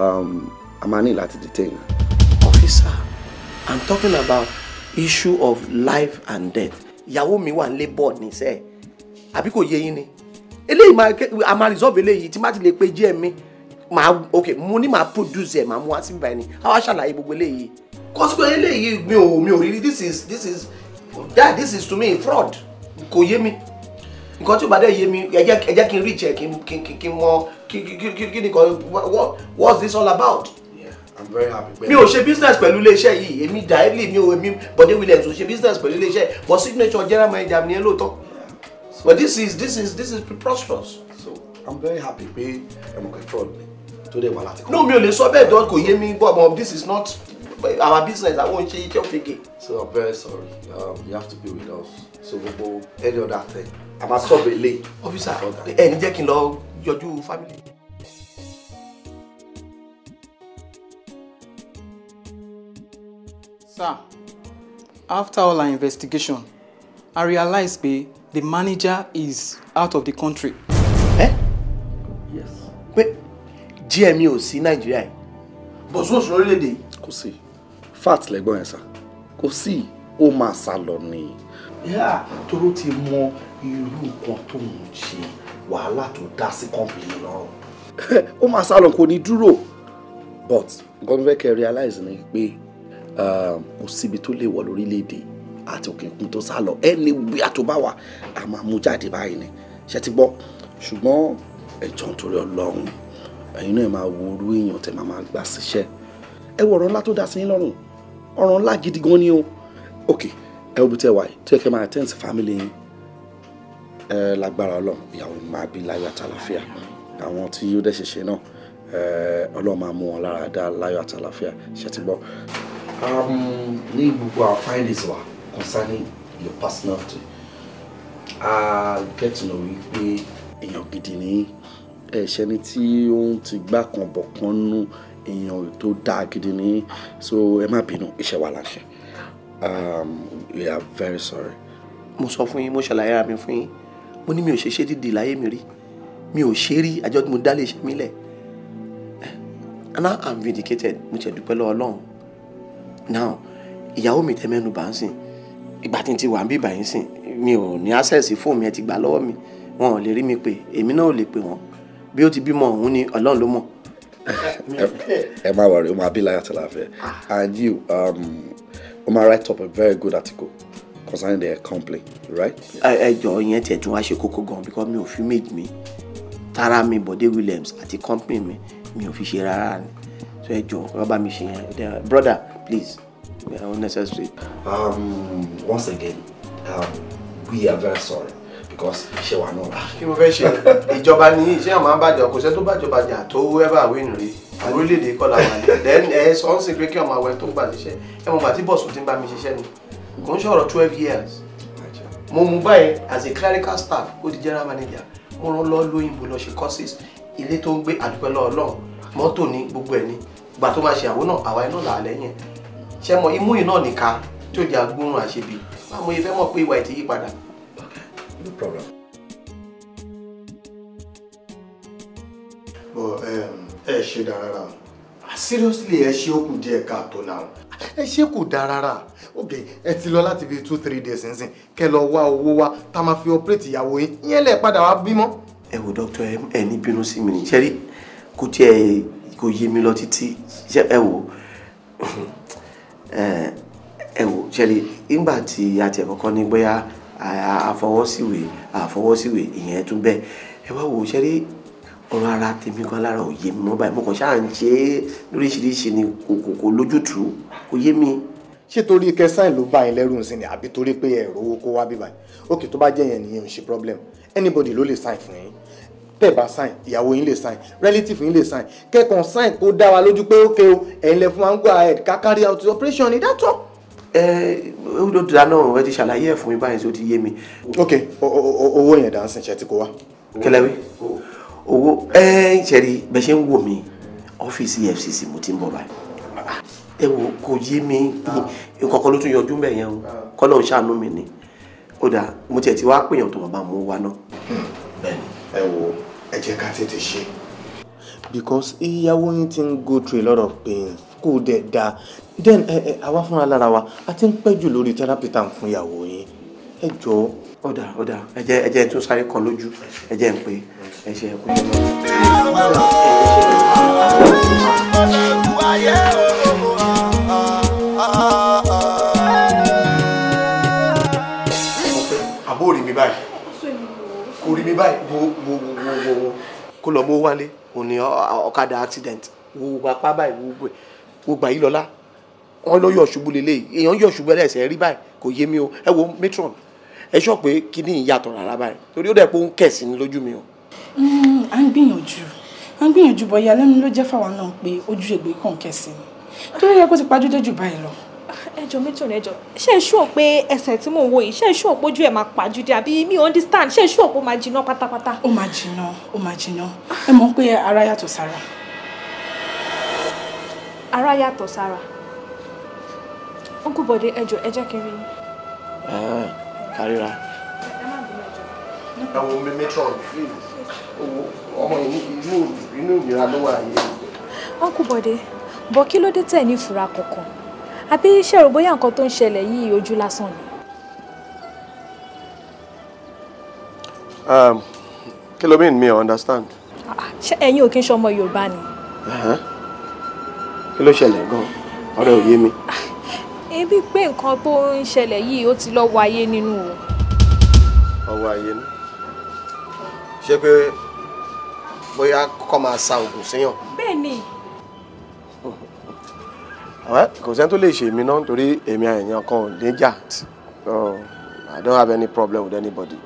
um, a máa ní láti detain. officer i'm talking about issue of life and death ìyàwó mi wà nílé bọ̀ níṣẹ́ àbí kò yé yín ni eléyìí máa a máa resolve eléyìí tí má ti lè pe jẹ́ mi máa ok mo ní máa produce ẹ̀ máa mú wá sí báyìí ni a wá ṣàlàyé gbogbo eléyìí kọ́síkò eléyìí mi ò mi ò rí this is this is that this is to me fraud kò yé mi nǹkan tí ó bá dẹ̀ yé mi ẹ jẹ́ kí n reach ẹ kí n mọ kí ni kan what's this all about. I'm very happy. mi ò ṣe business pẹ̀lú iléeṣẹ́ yìí èmi directly mi ò èmi Bode Williams ò ṣe business pẹ̀lú iléeṣẹ́ but signature general manager mi yẹn lóòótọ́ but this is this is this is preposterous. so I'm very happy pé ẹ̀mọ̀ control mi tó dé wà láti kọ́. no mi ò lè sọ bẹ́ẹ̀ dán kò yé mi but but this is not our business I àwọn ṣe iṣẹ́ òfegè. so I'm very sorry um, you have to be with us so gbogbo any other thing I'm a sub-ele. officer ẹ ní jẹ́ kí n lọ yọjú family. Sir, after all our investigation, I realized pé the manager is out of the country. Eh? Yes. Pé GME ò sí Nàìjíríà yìí. Bọ̀sùn òṣùn orílẹ̀-èdè yìí. Kò sí. Fat lẹ́gbọ́n yẹn sà. Kò sí. Ó máa sá lọ ni. Toró ti mọ irú nǹkan tó ń ṣe wàhálà tó dá sí kọ́ńpìlì lọ́rùn. Ó máa sá lọ kò ní dúró. But nǹkan tó fẹ́ realize ni pé Ehm, kò síbi tó lè wọ̀ lórílẹ̀‐èdè àti òkèkun tó sá lọ ẹni wí àtúbá wa a máa mú jáde báyìí ni ṣe ti gbọ́ ṣùgbọ́n ẹ̀jọ̀ nítorí ọlọ́run ẹ̀yin náà máa wo orú èèyàn tẹ̀ máa máa gbà síṣẹ́ ẹ wọ ọ̀rọ̀ ńlá tó dá sí yín lọ́rùn ọ̀rọ̀ ńlá gidi gan ni o ok ẹ obi tẹ wá yìí tí ẹ kẹ máa attend sí family yín ẹ lágbára ọlọ́run ìyàwó máa bí láyọ̀ àtàlàfíà àwọn tí yóò dẹ̀ ṣẹ̀ṣẹ̀ náà ọlọ́run máa mú wọn lára dá láyọ̀ àtàlàfíà ṣe ti gbọ́. Um, ní gbogbo our findings wa concerning your personality a get to know wípé èèyàn gidi ni ẹ̀ṣẹ̀ ni tí ó ń ti gbá kan bọ̀ kan nú èèyàn tó dáa gidi ni so ẹ má bínú iṣẹ́ wa la ṣe um, we are very sorry. mo sọ fún yín mo ṣàlàyé ara mi fún yín mo ní mi ò ṣe ṣé dídì láyé mi rí mi ò ṣe rí àjọ tí mo dá lè ṣe mí lẹ̀ and now i'm vindicated mo ṣe dúpẹ́ lọ́wọ́ ọlọ́run now ìyàwó mi tẹ mẹ́nu bá ń sìn ìgbà tí n ti wà ń bí báyìí sìn mi ò ní access fóònù mi ẹ ti gbà lọ́wọ́ mi wọn ò lè rí mi pé èmi náà ò lè pè wọ́n bí ó ti bímọ òun ni ọlọ́run ló mọ̀. ẹ má wọrí o máa bí láyà tẹ̀lé àfẹ́ and you um, o máa write up a very good article concerning their complaint right. ẹ jọ ìyẹn tiẹ̀ tún wá ṣe kókó gan because mi ò fi méjì mi tara mi Bọ̀dé Williams àti company mi mi ò fi ṣe rárá ni so ẹ jọ ọba mi ṣe yẹn brother please, they are unnecessary. Um, once again, um, we are very sorry because she wà náà wà. kí ló fẹ́ ṣe ìjọba ni iṣẹ́ àwọn abájọ kò sẹ́ tó bàjọba jà tó wẹ́bà wíìnì rí orílẹ̀-èdè kọ́ la wà ní then ẹ sọ ń sìn pé kí ọmọ àwẹ̀ tó gbà ṣiṣẹ́ ẹ mọ̀ bàtí bọ̀sùn ti ń bá mi ṣiṣẹ́ ni kò ń ṣọ̀rọ̀ twelve years mo mú báyìí as a clerical staff ó di general manager mo rán lọ lóyìnbó lọ ṣe courses ilé tó ń gbé àdúpẹ́ lọ́ọ́ lọ́ọ̀ mọ́tò ní gbogbo ẹ̀ ní gbà tó máa ṣe àwọn náà àwa iná là á lẹ́yìn ṣe mọ imú yìí náà nìka tí ò jẹ́ agbórun àṣebi máa mo ìfẹ́ mọ̀ pé ìwà ẹ̀ ti yí padà. no problem. but ẹ ṣe dára rà seriously ẹ ṣe ó kù díẹ̀ káàtó náà ẹ ṣe kù dáa rárá ok ẹ ti lọ láti bíi two three days nsìn kẹ lọ wá owó wa tá a máa fi operate ìyàwó yín ìyẹn lẹ padà wá bímọ. ẹ wo dókítà ẹ ní bínú sí mi ṣe rí kò tiẹ̀ kò yé mi lọ títí ẹ wo ẹ wò ṣẹlẹ nígbà tí a tiẹ̀ kọ́kọ́ ní bóyá àfọwọ́síwèé àfọwọ́síwèé ìyẹn tún bẹ́ẹ̀ ẹ wá wò ṣẹlẹ ọ̀rọ̀ ara tèmi kan lára òye mi mọ́ báyìí mo kàn ṣáà ń ṣe é lóríṣiríṣi ni kòkòkò lójútùú kò yé mi. ṣé torí kẹsàn-án ló bá yín lẹ́rù ń sin ni àbí torí pé ẹ̀rọ owó kó wá bíbá yìí ókè tó bá jẹ́ yẹn nìyẹn ò ṣe problem anybody ló lè sign fún yín tẹ̀ bá sign ìyàwó yín lè sign relative yín lè sign kẹ́kàn sign kó dá wa lójú pé ókè o ẹ̀yin lẹ fún wa ń go ahead ká carry out operation ni that's all. ẹ ó ló dá náà ẹ ti ṣàlàyé ẹ fún mi báyìí tó ti yé mi. ok owó yẹn dà ń sìn ṣe ti kó wa. kẹlẹwi owó ẹ ṣẹ̀rí bẹ́ẹ̀ ṣe ń wò mí ọ́fíìsì EFCC mo ti ń bọ̀ báyìí ẹ wò kò yé mi nǹkan ló tún yọjú mẹ́yẹn o kọ́nà ń ṣàánú mi ni ó dáa mo tiẹ̀ ti wá pèèyàn tó bàbá mo wá náà. Hmm. bẹ́ẹ̀ni ẹ wò ẹ jẹ́ ká tètè ṣe. because ìyàwó yín ti ń go through a lot of pain kò dẹ̀ da then ẹ ẹ àwa fúnra lára wa a ti ń pẹ́ jù lórí therapy tá à ń fún ìyàwó yín ẹ jọ. ọ̀dà ọ̀dà ẹ jẹ́ ẹ jẹ́ tó sáré kan lójú ẹ jẹ́ ń pé ẹ ṣe ẹkú jọba. àbó rí mi báyìí kò rí mi báyìí wo wo gbogbo wọn kó lọ mú wálé òun ni ọ̀kadà accident wo apá báyìí wo gbẹ wo gbà yìí lọ́lá wọn lọ yọ ṣubú lélẹ̀ èèyàn yọ ṣubú ẹlẹ́sẹ̀ rí báyìí kò yé mi o ẹ wo matron ẹ sọ pé kíní ìyàtọ̀ rárá báyìí torí ó dẹ̀ pé ó ń ní lójú mi o. Mm, à ń gbìyànjú à ń gbìyànjú bọ́yá lẹ́nu ló jẹ́ fáwọn náà pé ojú ègbè kàn kẹ̀sí ni torí ẹ kó ti pajú jù báyìí lọ ẹjọ méjì ọ̀nà ẹjọ ṣé ẹ ṣúọ̀ pé ẹsẹ̀ tí mò ń wo yìí ṣé ẹ ṣúọ̀ pé ojú ẹ̀ máa pàjùdé àbí mi ò understand ṣé ẹ ṣúọ̀ pé ó máa jiná pátápátá. ó máa jiná ó máa jiná ẹ mọ̀ pé ara yàtọ̀ sára. ara yàtọ̀ sára uncle bode ẹjọ ẹ jẹ́ kí n rí i. kárìíra. àwọn mímítọ̀ ọmọ inú ìnira ló wà yìí. uncle bode bọ́ kí ló dé tẹ̀ ní ìfura kankan àbí ṣèrò bóyá nǹkan tó ń ṣẹlẹ̀ yìí ojú lásán ni. Um, kí ló mean mi ò understand. Ah, ṣé ẹ̀yin ò kí ń ṣọmọ Yorùbá ni. kí ló ṣẹlẹ̀ gan-an ọ̀rẹ́ ò yé mi. Ah, ebi pé nǹkan tó ń ṣẹlẹ̀ yìí ó ti lọ́ọ́ wáyé nínú o. ọwọ́ ayé ni ṣé pé bóyá kọ́ máa sa oògùn síyàn. bẹ́ẹ̀ ni kò sẹ́ni tó lè ṣe mí náà torí èmi àyàn kan ò níjà I don't have any problem with anybody.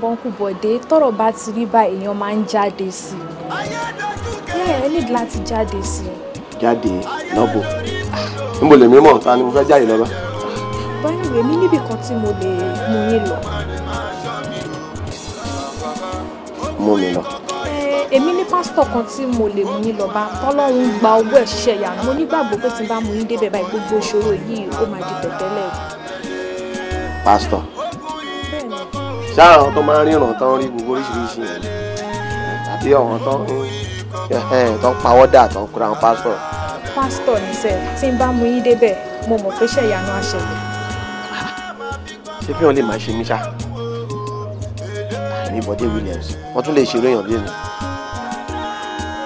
bọ́ńkù bọ̀dé tọ́rọ̀ bá ti rí bá èèyàn máa ń jáde sí i yẹ́n ẹ nídìí láti jáde sí i. jáde lọ́bù ah, níbo lèmi mọ̀ ta ni mo fẹ́ jáde lọ́ba. báyìí rèmi níbì kan tí mo lè mú yín lọ. mú mi lọ èmi ní pásítọ̀ kan tí mo lè mú yín lọ bá tọ́lọ́run gba owó ẹ̀ ṣiṣẹ́ ìyanu mo nígbàgbọ́ pé tí n bá mú yín débẹ̀ báyìí gbogbo ìṣòro yìí ó máa di tẹ̀tẹ́lẹ̀. pásítọ̀ ṣé àwọn tó máa ń ríran tán rí gbogbo oríṣiríṣi yẹn tàbí àwọn tán tán pawọ́ dà tán kúra àwọn pásítọ̀. pásítọ̀ ní sẹ́ tí n bá mú yín débẹ̀ mo mọ̀ pé ṣe ìyanu àṣẹlẹ̀. ṣé bí Williams wọn tún lè ṣeré èèyàn lé mi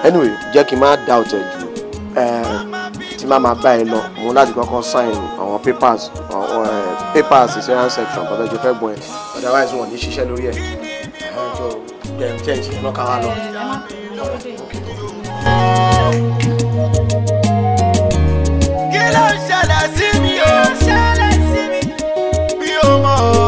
anyway jẹ́ kí n má doubt ẹ̀ jù tí má máa bá ẹ lọ mo láti kọ́kọ́ sign àwọn papers papers insurance section pàtàkì jẹ́ fẹ́ gbọ́n ẹ otherwise wọn ò ní ṣiṣẹ́ lórí ẹ̀ ẹ̀jọ̀ jẹun tí ẹ̀ ń ṣe wa lọ. kí ló ń ṣẹlẹ̀ sí mi ó ṣẹlẹ̀ sí mi bí ó mọ̀ ọ́.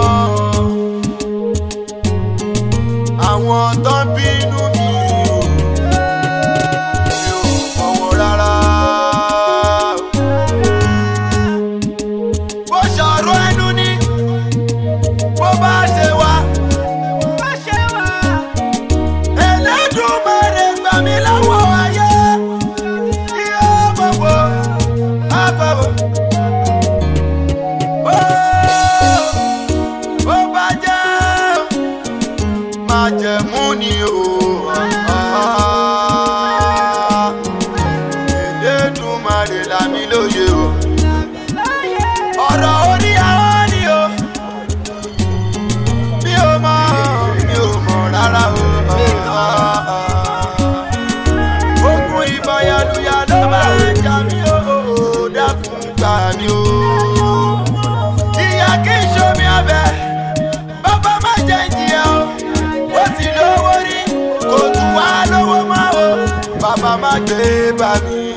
bá mi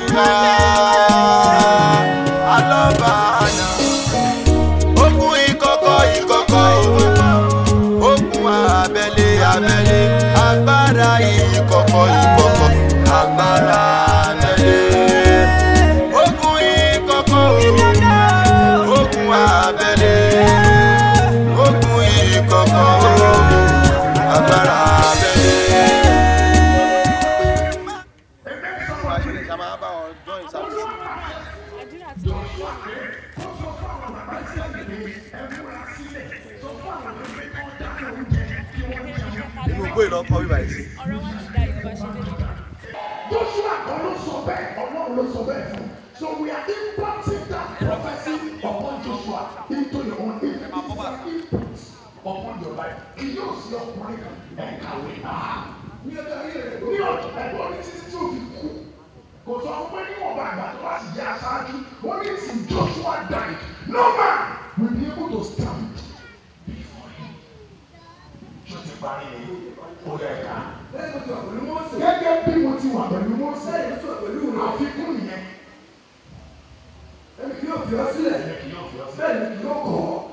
Joshua kan ló sọ bẹ́ẹ̀ ọlọ́run so we are implanting that prophecy upon Joshua into your own life is an input upon your life kì yóò sí ọkùnrin ẹ̀kàwé ní ọjọ́ ẹ̀gbọ́n ní títí tí o fi kú kò sọ pé níwọ̀nba àgbà tó bá sì yá aṣáájú wọ́n ní sin Joshua died no man will be able to stand before him. Just a ti parí ẹ̀yìn ó gẹ́gẹ́ bí mo ti wà pẹ̀lú Mósè àfikún nìyẹn. Èmi kì yóò fi Bẹ́ẹ̀ni kì yóò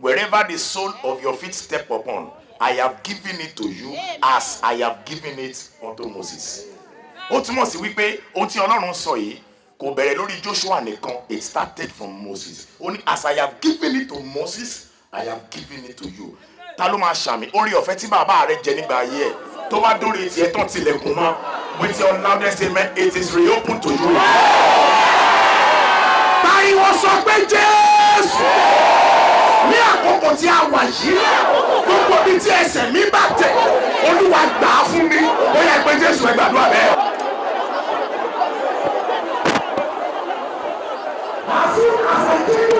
Wherever the sole of your feet step upon, I have given it to you as I have given it unto Moses. Ó túmọ̀ sí wípé ohun tí Ọlọ́run sọ yìí kò bẹ̀rẹ̀ lórí Joshua nìkan it started from Moses. Only as I have given it to Moses, I have given it to you ta ló máa ṣàmì orí ọ̀fẹ́ tí bàbá rẹ jẹ nígbà ayé ẹ̀ tó wá dórí tiẹ̀ tán tilẹ̀kùn mọ́ with your loudest amen it is reopened to you. pariwo sọ pé jésù ní àkókò tí a wà yìí gbogbo ibi tí ẹsẹ̀ mi bá tẹ̀ olúwa gbà á fún mi ó yẹ pé jésù ẹ gbàdúrà bẹ́ẹ̀. As soon as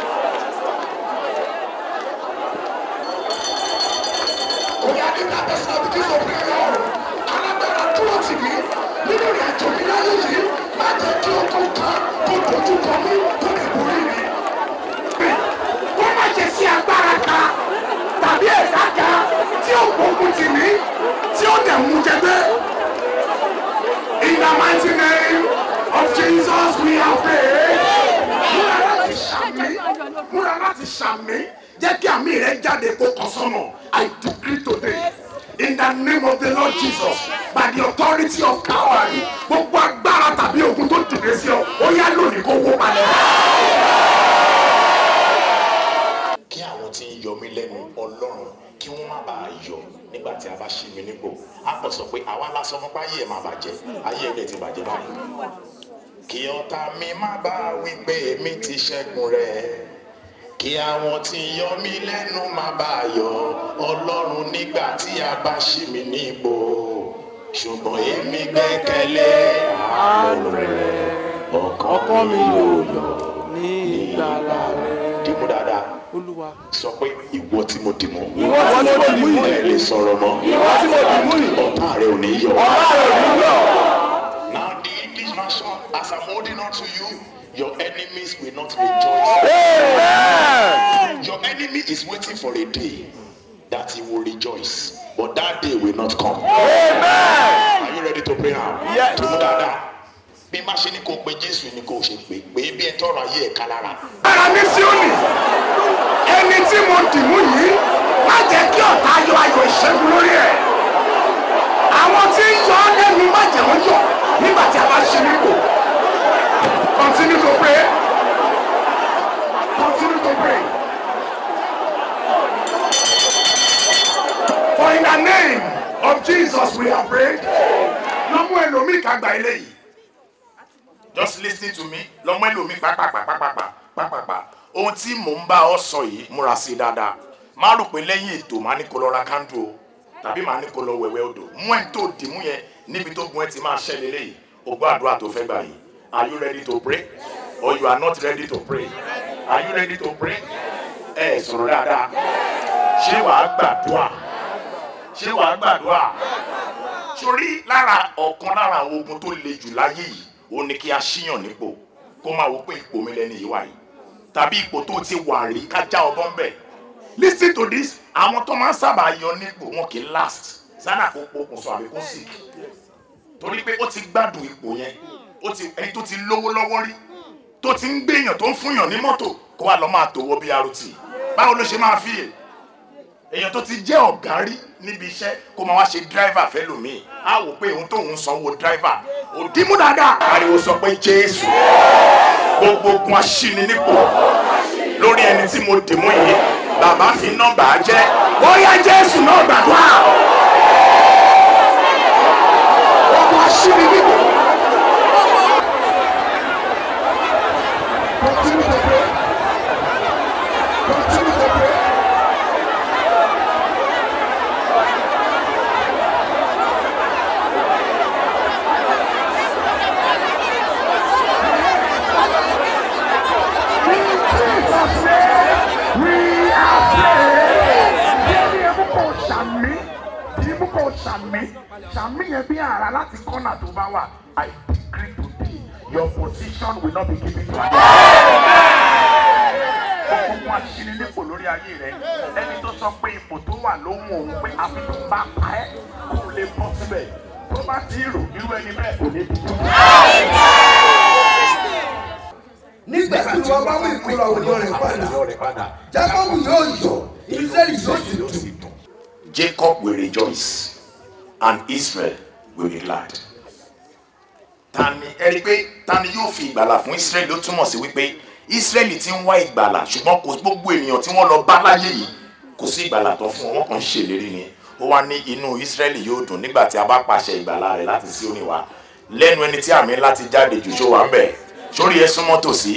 In the mighty name of Jesus we are prayed. múra láti ṣàmì múra láti ṣàmì jẹ́ kí àmì rẹ̀ jáde kó kọ sọ́nà I decree today in the name of the Lord Jesus by the authority of Calvary gbogbo agbára tàbí ogun tó dìde sí ọ ó yá lónìí kó wó balẹ̀. kí àwọn tí ń yọ mí lẹ́nu ọlọ́run kí wọ́n má bàa yọ nígbà tí a bá ṣí mi nípò a kò sọ pé àwa lásán fún páyé ẹ̀ máa bàjẹ́ ayé ẹ̀ ti bàjẹ́ báyìí kí ọ̀tá mi má bàa wí pé èmi ti ṣẹ́gun rẹ̀ kí àwọn tí yọ mí lẹ́nu má bàa yọ ọlọ́run nígbà tí a bá ṣí mi nípò ṣùgbọ́n èmi gbẹ́kẹ̀lé àánú rẹ mi yóò yọ ní ìgbàlà rẹ. dìbò dáadáa sọ pé ìwọ tí mo dì ìwọ tí mo dì mú ẹ lè sọ̀rọ̀ mọ́ ìwọ tí mo dì mú ọ̀tá rẹ ò ní yọ. ọ̀tá rẹ ò ní yọ. now the english version as i'm holding on to you your enemies will not rejoice. Amen. your enemy is waiting for a day that he will rejoice but that day will not come. amen. are you ready to pray now. yes. tòun dáadáa bí má ṣe ni kò pe jésù ni kò ṣe pé pé bí ẹ tọrọ ayé ẹ ká lára. ara mi sí òní ẹni tí mo dìmú yìí má jẹ́ kí ọ̀tá yọ ayọ̀ ìṣẹ́gun lórí ẹ̀ àwọn tí ń yọ ọ́ lẹ́nu má jẹ́ wọ́n yọ nígbà tí a bá ṣe nípò continue to pray continue to pray. For in the name of Jesus we are prayed. Lọ́mú ẹlòmíì ká gba eléyìí. Just listening to me. Lọ́mú ẹlòmíì pàpàpàpàpà pàpàpà. Ohun tí mò ń bá ọ sọ yìí múra sí dáadáa. Má rò pé lẹ́yìn ètò màá ní kó lọ ra kándù o. Tàbí màá ní kó lọ wẹ̀wẹ̀ odò. Mú ẹ̀ tó dìmú yẹn níbi tó gun ẹ ti máa ṣẹlẹ̀ léyìí. O àdúrà tó fẹ́ gbà yìí. Are you ready to pray? Or you are not ready to pray? Are you ready to pray? Ẹ sọ̀rọ̀ dáadáa. Ṣé wàá gbàdúrà? ṣé wàá gbàdúrà sórí lára ọ̀kan lára àwọn ogun tó le jù láyé yìí òun ni kí a ṣíyàn nípò kó máa wò pé ipò mi lẹ́ni yìí yìí tàbí ipò tó ti wà rí ká já bẹ̀ listen to this àwọn tó máa ń sábà yọ nípò wọn kì í last sanna kó pokùn sọ àbí kó sì torí pé ó ti gbádùn ipò yẹn ó ti ẹni tó ti lówó lọ́wọ́ rí tó ti ń gbéyàn tó ń fúnyàn ní mọ́tò kó wá lọ máa tòwọ́ bí arútì báwo ló ṣe máa fi èè èèyàn tó ti jẹ́ ọ̀gá rí níbi iṣẹ́ kó máa wá ṣe dírẹ́fà fẹ́lòmíì á wò pé òun tóun sanwó dírẹ́fà òdìmú dáadáa ariwo sọ pé jésù gbogbo ogun aṣíninípò lórí ẹni tí mo dìmú yìí bàbá fi nọ́mbà jẹ́ bóyá jésù náà gbàdúrà ogun aṣíninípò. ṣàmì ṣàmì yẹn bí àrà láti kọ́nà tó bá wà I decree today your position will not be given to anybody ogun àṣírí nípò lórí ayé rẹ ẹni tó sọ pé ipò tó wà lóhùn òun pé àfihàn bá pa ẹ kó o lè bọ́ síbẹ̀ tó bá ti rò irú ẹni bẹ́ẹ̀ kò ní dúdú. nígbà tí wọ́n bá mú ìkúra òyìnbó rẹ̀ padà Jákọ́bù yóò yọ̀ Ísírẹ́lì yóò sì dùn. Jacob will rejoice and Israel will be glad. Tani ẹni pé tani yóò fi ìgbàlà fún Israel ó túmọ̀ sí wípé Israel ti ń wá ìgbàlà ṣùgbọ́n kò gbogbo ènìyàn tí wọ́n lọ bá láyé yìí kò sí ìgbàlà tó fún wọn kàn ń ṣèlérí ni ó wá ní inú Israel yóò dùn nígbà tí a bá pàṣẹ ìgbàlà rẹ̀ láti Síónì wá lẹ́nu ẹni tí àmì láti jáde jù ṣó wà ń bẹ̀ sórí ẹ súnmọ́ tòsí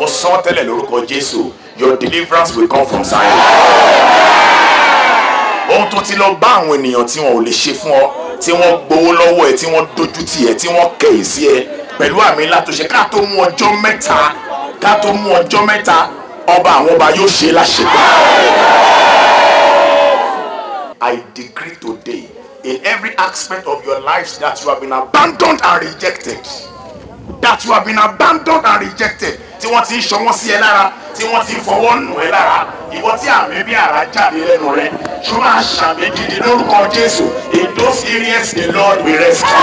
mo sọ tẹ́lẹ̀ lórúkọ Jésù your deliverance will come from Zion ohun tó ti lọ bá àwọn ènìyàn tí wọn ò lè ṣe fún ọ tí wọ́n gbowó lọ́wọ́ ẹ tí wọ́n dojú tì ẹ tí wọ́n kẹ̀yì sí ẹ pẹ̀lú àmì ńlá ká tó mú ọjọ́ mẹ́ta ká tó mú ọjọ́ mẹ́ta ọba àwọn ọba yóò ṣe láṣepẹ. I decree today in every aspect of your life that you have been abandoned and rejected that you have been abandoned and rejected tí wọ́n ti ń ṣọwọ́ sí ẹ lára tí wọ́n ti ń fọwọ́ nù ẹ lára ìwọ tí àmì bí jáde lẹ́nu rẹ ṣó máa ṣàmì gidi lórúkọ Jésù in those areas the Lord will rescue you.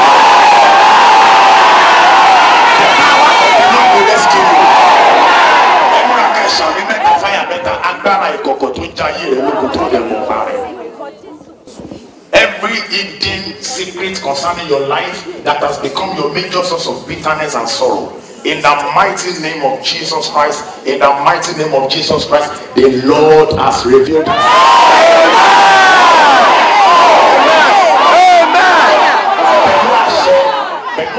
Every hidden secret concerning your life that has become your major source of bitterness and sorrow in the mighty name of Jesus Christ, in the mighty name of Jesus Christ, the Lord has revealed. Amen. Amen.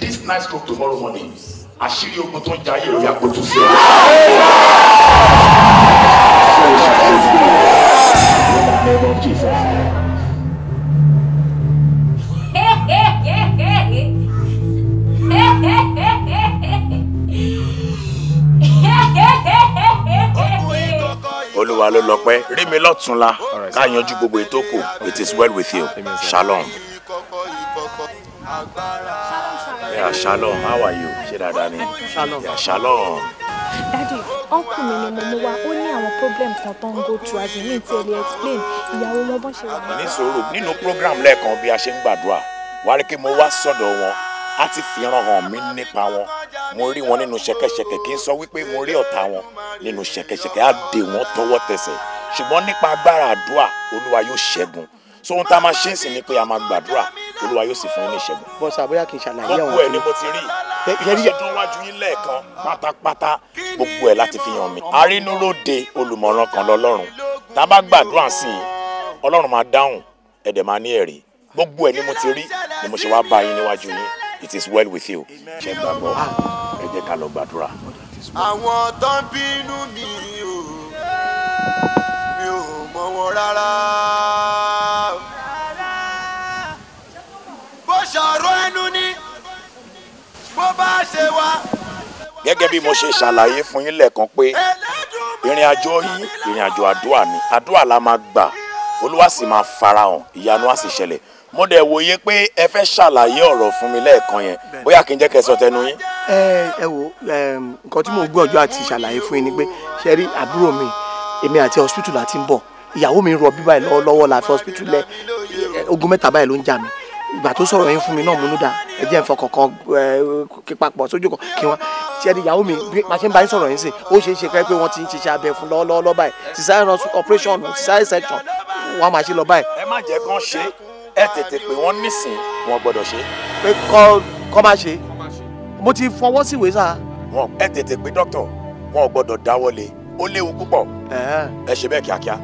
This night stroke tomorrow morning. Àṣírí ogun tó ń jayé ìyá kò tún sí ọ. olúwa ló lọ́pẹ́ rí mi lọ́túnla ká yanjú gbogbo ètò kù it is well with you shalom. Yeah, shalom how are you ṣé dáadáa ni yeah, shalom. dadi uncle mi ni mo mú wa ó ní àwọn problem kan tó ń go to as in need to ẹ explain ìyàwó wọn bọ́n ṣe wà. ní sòrò nínú program lẹ́ẹ̀kan bí a ṣe ń gbàdúrà wàá rí i mo wá sọ́dọ̀ wọn a ti fi ìran hàn mí nípa wọn mo rí wọn nínú ṣẹ̀kẹ̀ṣẹ̀kẹ̀ kì í sọ wípé mo rí ọ̀tá wọn nínú ṣẹ̀kẹ̀ṣẹ̀kẹ̀ á dè wọ́n tọwọ́ tẹsẹ̀ ṣùgbọ́n nípa agbára àdúrà olúwa yóò ṣẹ́gun so ohun tá a máa ṣe ń sìn ni pé a máa gbàdúrà olúwa yóò sì fún yín ní ìṣẹ́gun. bọ́sà bóyá kì í ṣàlàyé àwọn ọ̀hún. ni mo ti rí ìṣẹ́jú tó wájú yín lẹ́ẹ̀kan pátápátá gbogbo ẹ̀ láti fi hàn mí. arínúróde olùmọ̀ràn kan lọ́lọ́run tá a bá gbàdúrà sí i ọlọ́run máa dáhùn ẹ̀dẹ̀ máa ní ẹ̀rí gbogbo ẹ̀ ni mo ti rí ni mo ṣe wá bá yín níwájú yín it is well with you. ṣe gbàgbọ́ ah. ẹ jẹ́ ká lọ gbàdúrà. àwọn tó ń bínú mi o mi ò mọ̀ wọ́n rárá. bó ṣàrò ẹnu ni bó bá ṣe wá. gẹ́gẹ́ bí mo ṣe ṣàlàyé fún yín lẹ́ẹ̀kan pé ìrìn àjò yìí ìrìn àjò àdúrà ni àdúrà la máa gbà olúwa sì máa farahàn ìyanu á sì ṣẹlẹ̀ mo dẹ̀ wòye pé ẹ fẹ́ ṣàlàyé ọ̀rọ̀ fún mi lẹ́ẹ̀kan yẹn bóyá kí n jẹ́ kẹ́ sọ tẹnu yín. ẹ ẹ wo nǹkan tí mò ń gbọ́njú àti ṣàlàyé fún yín ni pé ṣe rí àbúrò mi èmi àti hospital láti ń bọ̀ ìyàwó mi ń rọ bí lọ́wọ́lọ́wọ́ la hospital lẹ ogun mẹ́ta báyìí ló ń jà mí ìgbà tó sọ̀rọ̀ yín fún mi náà múnú dá ẹ jẹ́ nǹkan kọ̀ọ̀kan kí papọ̀ sójú kan kí wọ́n ṣe ni ìyàwó mi bí ń bá yín sọ̀rọ̀ yín sìn ó ṣeé ṣe kẹ́ pé wọ́n ti ń ṣiṣẹ́ abẹ fún lọ́wọ́lọ́wọ́ báyìí cesarean operation cesarean section wọ́n á máa ṣe lọ báyìí. ẹ má jẹ́ kán ṣe é ẹ tètè pé wọ́n nísìn wọn gbọ́dọ̀ ṣe. pé kọ́ kọ́ máa ṣe mo ti fọwọ́ síwèé sá. wọn ẹ tètè pé dókítà wọn ò gbọ́dọ̀ dáwọ́lé ó léwu púpọ̀ ẹ ṣe bẹ́ẹ̀ kíákíá.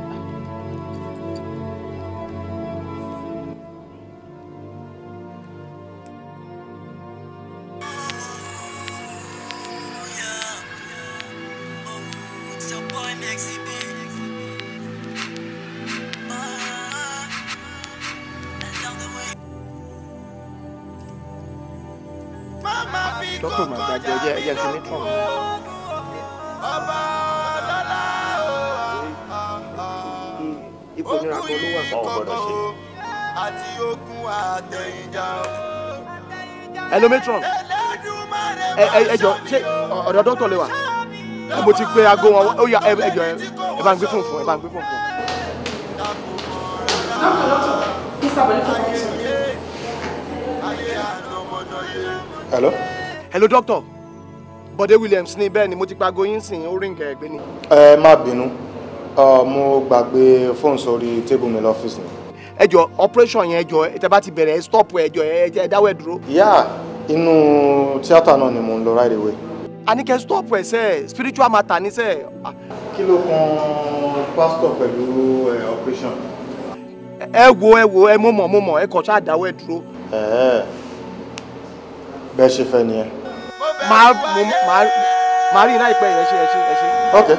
dọ́kítọ̀ màgbà jẹ ẹjẹ ẹjẹ ti ní tọ̀. ọba lọ́lá ipò nira kan ló àti ogun àtẹ̀yìnjà. hello ẹjọ ṣé ọ̀dọ̀ dọ́kítọ̀ lè wà mo ti pe aago wọn ó yá ẹjọ ẹ bá ń gbé fún fún ẹ bá ń gbé fún fún. hello hello doctor Bọ̀dé Williams ní bẹ́ẹ̀ ni mo ti pa goyin sìn ó rí nǹkan ẹ̀gbẹ́ ni. ẹ má bínú mo gbàgbé fóònù sórí tébù mi lọ́fíìsì ni. ẹ jọ operation yẹn ẹ jọ ẹ bá ti bẹ̀rẹ̀ ẹ stop ẹ jọ ẹ dáwọ́ ẹ dúró. yá inú tíátà náà ni mo ń lọ right away. a ní kẹ́ stop ẹ sẹ́ spiritual matter ní sẹ́. Ah, kí ló kan pastor pẹ̀lú operation. ẹ wo ẹ wo ẹ mo mọ̀ mo mọ̀ ẹ kọ̀ ṣáà dáwọ́ ẹ dúró. bẹ́ẹ̀ ṣe fẹ́ nìyẹn màá màá màá rí iná ìpẹ́ yẹn ṣe ẹ ṣe ẹ ṣe. ok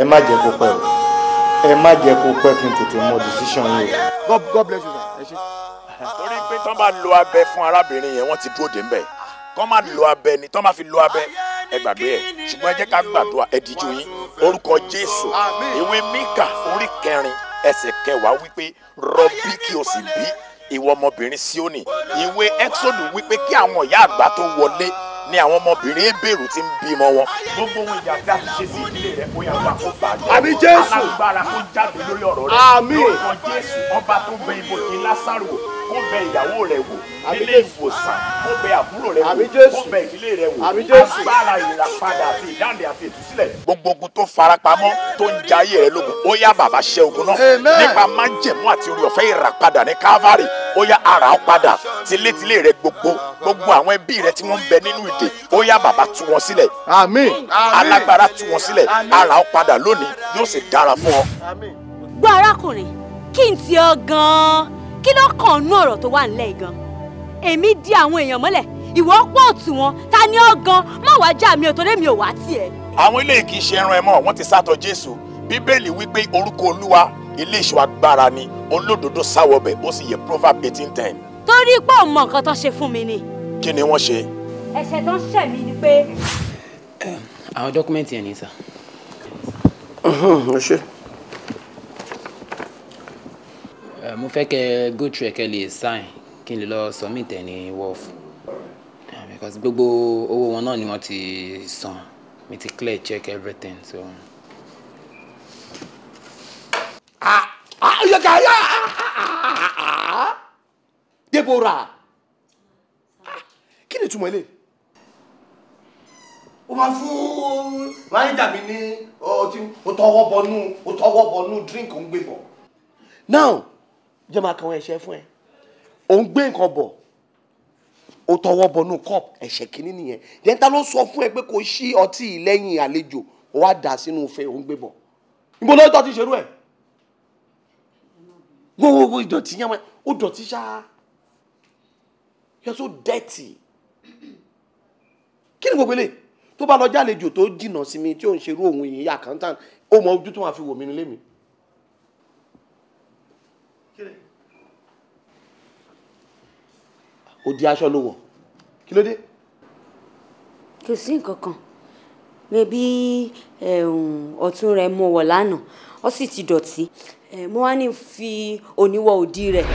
ẹ má jẹ kó pẹ́ o ẹ má jẹ kó pẹ́ kí n tètè mọ decision yìí o. god god bless you sir ẹ ṣe. torí pé tán bá lo abẹ fún arábìnrin yẹn wọ́n ti dúró dé ń bẹ̀ kán má lo abẹ ni tán má fi lo abẹ ẹ gbàgbé ẹ ṣùgbọ́n ẹ jẹ́ ká gbàdúrà ẹ díjú yín orúkọ jésù ìwé míkà orí kẹrin ẹsẹ̀ kẹwàá wípé rọbí kí o sì bí ìwọ ọmọbìnrin Síónì ìwé Ẹ́kísódù wípé kí àwọn ìyá àgbà tó wọlé ni àwọn ọmọbìnrin Hébérù ti ń bímọ wọn. gbogbo ohun ìyá tí a sí ilé rẹ kó yà wá kó àmì Jésù alágbára kó jáde lórí ọ̀rọ̀ rẹ. àmín. lórúkọ Jésù ọba tó bẹ ibòjì Lásárù ó bẹ ìyàwó rẹ̀ wò nílé ìwòsàn ó bẹ àbúrò rẹ̀ wò ó bẹ ìdílé rẹ̀ wò agbára ìràpadà àti ìdáǹdè àti ìtúsílẹ̀. gbogbo tó farapamọ́ tó ń ja rẹ lógun ó yá bàbá ṣẹ́ ogun náà nípa májẹ̀mú àti orí ìràpadà ní Calvary ó yá ara ó padà tilétilé rẹ gbogbo gbogbo àwọn ẹbí rẹ tí wọ́n ń bẹ nínú ìdè ó yá bàbá tu wọn sílẹ̀ àmín alágbára tú wọn sílẹ̀ ara ó padà lónìí yóò sì dára fún ọ. gbọ́ arákùnrin kí n ti ọ gan-an kí ló kàn nú ọ̀rọ̀ tó wà nílẹ̀ gan èmi di àwọn èèyàn mọ́lẹ̀ ìwọ pọ̀ tù wọn ta ni ó gan má wàá já mi ò torí mi ò wá tiẹ̀. àwọn eléyìí kì í ṣe ẹran ẹ mọ́ ti sátọ jésù bíbélì wípé orúkọ olúwa ilé ìṣọ́ agbára ni olódodo sáwọbẹ̀ ó sì yẹ proverb eighteen ten. torí pé ò mọ nǹkan tó ṣe fún mi ni. kí ni wọ́n ṣe. ẹ̀ṣẹ̀ tó ń ṣẹ̀ mí ni pé. àwọn dọ́kúmẹ́ǹtì ẹ̀ ní sà. ẹ ṣe mo fẹ́ kẹ́ go through ẹ̀ kẹ́ lè sign kí n lè lọ submit ẹ̀ ní wọ́ọ̀fù because gbogbo owó wọn náà ni wọ́n ti san mi ti clear check everything so. Deborah kí ni ìtumọ̀ eléyìí ó máa fún mánéjà mi ní ọtí ó tọwọ́ bọnú ó tọwọ́ bọnú drink ó ń gbé bọ̀. now jẹ́ máa kàn ẹ̀ṣẹ̀ fún ẹ òun gbé nǹkan bọ̀ ó tọwọ́ bọnú cup ẹ̀ṣẹ̀ kìíní nìyẹn then ta ló sọ fún ẹ pé kò sí ọtí lẹ́yìn àlejò ó wá dà sínú ife òun gbé bọ̀ níbo lọ́jọ́ ti ṣerú ẹ̀ gbogbo ìdọ̀tí yẹn ó dọ̀tí ṣáá you're so dirty kí ni gbogbo eléyìí tó bá lọ jálejò tó jìnnà sí mi tí ò ń ṣerú òun yìí accountant ó mọ ojú tó máa fi wò mí nílé mi. òdì aṣọ ló wọ̀ kí ló dé. kò sí nǹkan kan mẹbí ọ̀tún rẹ̀ mo wọ̀ lánàá ó sì ti dọ̀tí mo wá ní fi oníwọ̀ òdì rẹ̀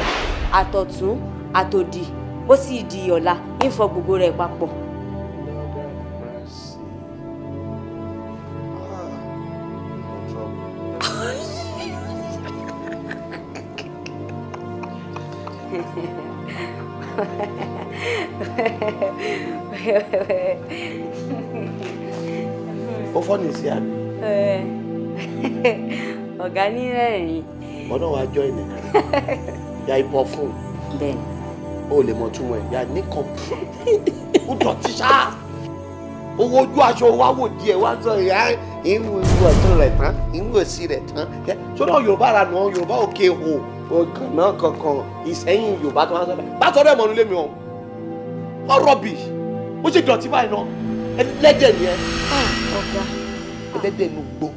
àtọ̀tún àtòdì bó sì di ọ̀la ń fọ gbogbo rẹ̀ papọ̀. ọ̀gá ní rẹ́rìn. ọ̀nà wa jọ ìnẹ̀ ya ibọ̀ fún. bẹ́ẹ̀ni. o lè mọ túmọ̀ ẹ̀ ya ní kọ̀ǹpù ó dọ̀tí ṣá owó ojú aṣọ wa wò díẹ̀ wá sọ ìyá ìwé ìwé ọ̀tún rẹ̀ tán ìwé òsì rẹ̀ tán sọ́dọ̀ yorùbá ra nù ọ́ yorùbá òkè hò ọ̀gàn náà kankan ìsẹ́yìn yorùbá tó máa ń sọ bẹ́ẹ̀ bá sọ́dọ̀ ẹ̀ mọ́nú lémi ọ̀ ọ́ rọ̀bì ó ṣe dọ̀tí báyìí náà ẹlẹ́dẹ̀ ni ẹ. Ah, ọ̀gá ẹlẹ́dẹ̀ ló gbó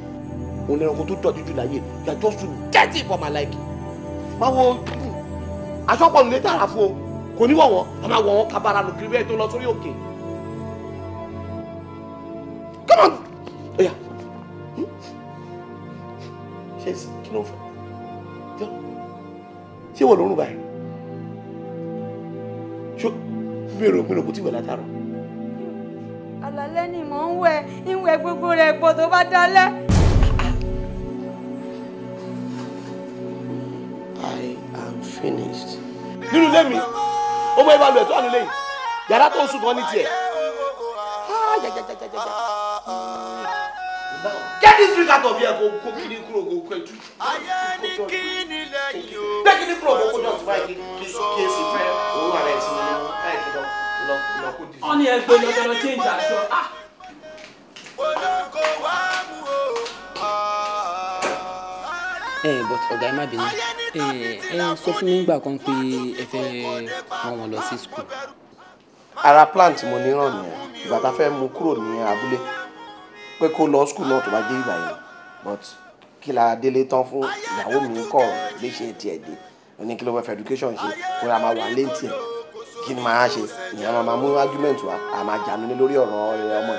òun ẹranko tó dọ̀tí jù láyé you are just too dirty for my liking máa wo aṣọ́pọ̀ nílé tààrà fún o kò ní wọ̀wọ́ a máa wọ̀ wọ́n kabara bẹ́ẹ̀ tó lọ sórí òkè come on oya hmm? ṣe kí ló ń fẹ́ ṣé wọ́n lórun báyìí ṣó mi ò rò pé lóko tí wẹ̀ àlàlẹ́ ni mò ń wẹ̀ ìwẹ̀ gbogbo rẹ̀ pọ̀ tó bá dalẹ́. finished. nínú ilé mi ọmọ ìbá lu ẹ̀tọ́ àlùlé yìí yàrá tó ń sùn ní tiẹ̀. get this drink out of here kò kò kí ni kúrò kò kò ètú. bẹ́ẹ̀ kí ni kúrò kò kò tó báyìí kí kí èsì fẹ́ òun àrẹ ti mú káyì kí lọ lọ lọ kó di. wọ́n ní ẹgbẹ́ lọ́dọọdọ change aṣọ. ẹ ẹ ọ̀gá ẹ má bínú ẹ eh, ẹ eh, sọ fún mi nígbà kan pé ẹ fẹ́ rán wọn lọ sí school. ara plan mo ní ràn nìyẹn ìgbà tá a fẹ́ mú kúrò ní abúlé pé kó lọ school náà tó bá dé ìgbà yẹn but kí la délé tán fún ìyàwó mi kọ̀ léṣe tiẹ̀ dé ní kí ló fẹ́ fẹ́ education ṣe kó ra máa wà léǹtì ẹ̀ kí ni màá ṣe ìyẹn máa mú argument wa a máa jà nílé lórí ọ̀rọ̀ ọmọ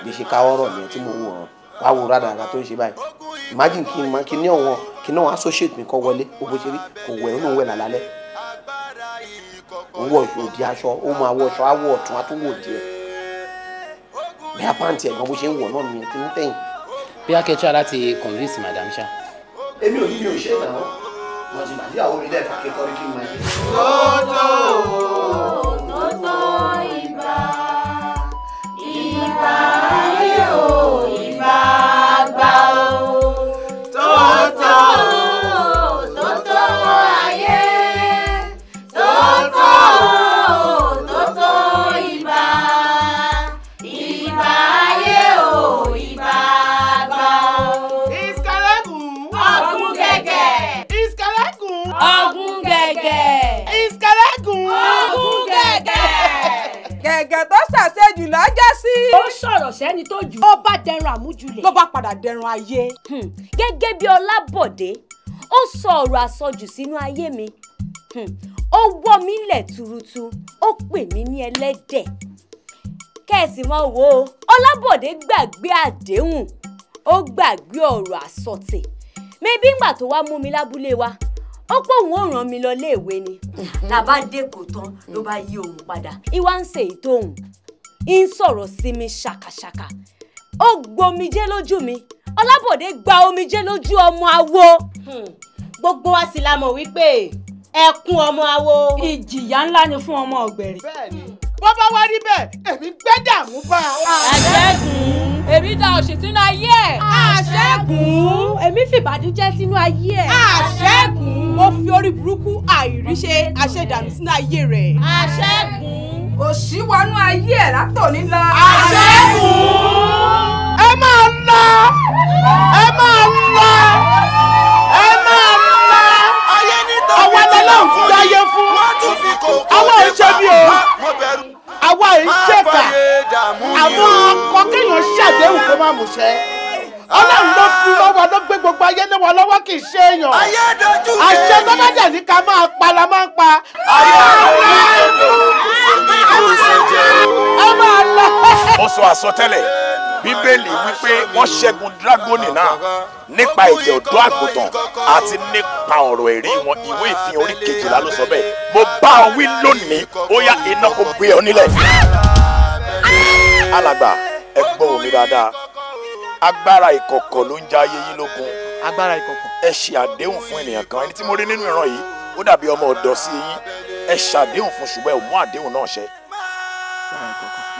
ìgbésẹ̀ káwọ́rọ̀ mi tí mo wò wá wo rádàrà tó ń ṣe báyìí imagine kí n ní ọ̀wọ́n kí náà associate mi kọ́ wọlé owó ṣe rí kò wẹ̀ ó lóun wẹ̀ lálálẹ́ òdi aṣọ ó máa wọ awọ ọ̀tún atúwò díẹ̀ bẹ́ẹ̀ pàǹtí ẹ̀gbọ́n bó ṣe ń wọ̀ náà nìyẹn tí ń tẹ̀yìn. bí akẹ́kọ̀ọ́ láti convince madam ṣá. èmi ò yí mi ò ṣe ìgbà mo ti màdí àwọn orílẹ̀ èdè akẹ́kọ̀ọ́ kí n máa ṣe. tótó tótó ibà ibà ayé o. tàṣejù lọ́jọ́ sí. ó sọ̀rọ̀ sẹ́ni tó jù. ó bá dẹrùn àmújulẹ̀. ló bá padà dẹrùn ayé. Hmm. gẹ́gẹ́ bí ọlábọ̀dé ó sọ ọ̀rọ̀ àsọjù sínú ayé mi hmm. ó wọ́ mi lẹ̀ tuurutu ó pè mí ní ẹlẹ́dẹ̀ kẹ́sì mọ́ wo ọlábọ̀dé gbàgbé àdéhùn ó gbàgbé ọ̀rọ̀ àsọtẹ̀ mẹ́bí ńgbà tó wá mú mi lábúlé wa ó pọ̀ òun ò ràn mí lọ léèwé ni làbá dé kò tán ló bá yí òun padà ìwà ń ṣe ètò òun ń sọ̀rọ̀ sí mi ṣàkàṣàkà ó gbomijé lójú mi ọlábọ̀dé gba omijé lójú ọmọ awo hmm. gbogbo wa sì la mọ̀ wípé ẹkún ọmọ awo. ìjìyà ńlá ni fún ọmọ ọ̀gbẹ̀rì. bẹ́ẹ̀ni bó bá wá rí bẹ́ẹ̀ èmi gbẹ́dàmú bá a. àṣẹ́gun èmi da òṣì sínú ayé ẹ̀. àṣẹ́gun èmi fìbàdíjẹ́ sínú ayé ẹ̀. àṣẹ́gun mo fi orí burúkú àìríṣe àṣẹdànù sínú ayé rẹ̀. àṣẹ́gun òṣì wọnú ayé ẹ̀ látòní lọ. àṣẹ́gun ẹ máa lọ ẹ máa lọ. àwa ò ṣe bí o àwa ò ṣe kà àmọ́ akọ kéèyàn ṣàdéhùn kó má múṣẹ ọlọ́run ló fi ah. lọ́wọ́ ló gbé gbogbo ayé ní wọn lọ́wọ́ kì í ṣe èèyàn àṣẹ tó bá dẹ̀ ní ká máa pa la máa ń pa. ayé àdójú kò ah! tó kù ẹ máa lọ. mo sọ àsọtẹ́lẹ̀ bíbélì wípé wọ́n ṣẹ́gun dragoni náà nípa ẹ̀jẹ̀ ọ̀dọ́ àgùntàn àti nípa ọ̀rọ̀ ẹ̀rí wọn ìwé ìfihàn orí kejìlá ló sọ bẹ́ẹ̀ mo bá ọ wí lónìí ó yá iná kó gbé ọ nílẹ̀. alàgbà ẹ gbọ́ omi dáadáa agbára ìkọ̀kọ̀ ló ń ja ayé yín ẹ ṣe àdéhùn fún ènìyàn kan ẹni tí mo rí nínú ìran yìí ó dàbí ọmọ ọ̀dọ̀ sí yín ẹ ṣàdéhùn fún ṣùgbọ́n ẹ ò mú àdéhùn náà ṣẹ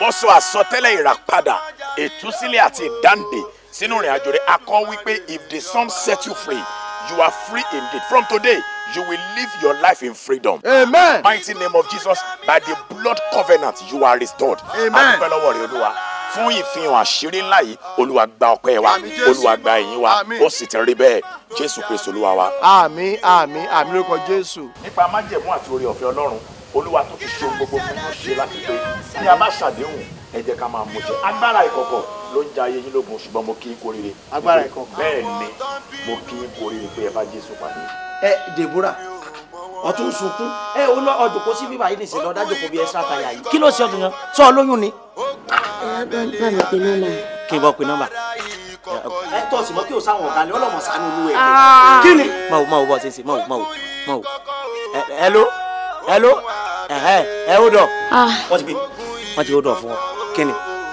mo sọ àsọtẹ́lẹ̀ ìràpadà ìtúsílẹ̀ àti ìdáǹdè sínú ìrìn àjò rẹ a kọ wípé if the sun set you free you are free indeed from today you will live your life in freedom. amen. mighty name of Jesus by the blood covenant you are restored. amen. a dúpẹ́ lọ́wọ́ rẹ olúwa fún ìfihàn àṣírí ńlá yìí olúwa gba ọpẹ́ wa olúwa gba ìyìn wa ó sì ti rí bẹ́ẹ̀ jésù kristu olúwa wa. àmín àmín àmín lórúkọ jésù. nípa májẹ̀mú àti oore ọ̀fẹ́ ọlọ́run olúwa tó ti ṣe gbogbo fún yín ṣe láti pé ní a bá ká máa mú ṣe agbára ìkọ̀kọ̀ ló ń jayé yín lógun ṣùgbọ́n mo kí n kó rere agbára ìkọ̀kọ̀ bẹ́ẹ̀ ni mo kí n kó rere pé ẹ bá jésù pàdé. ẹ Deborah ọtún sunkún ẹ o ọdún kó sí bíbá yìí nìṣẹ̀lẹ̀ ọdájọ kò bí ẹ sá tayà yìí kí ló ṣe ọdún yẹn sọ ọ ni. ẹ bá mi pe nọ́mbà. kí n bọ pe nọ́mbà ẹ tọ́ ẹ ó dọ̀ ah. wọ́n ti gbé wọ́n ti ó dọ̀ fún ọ kí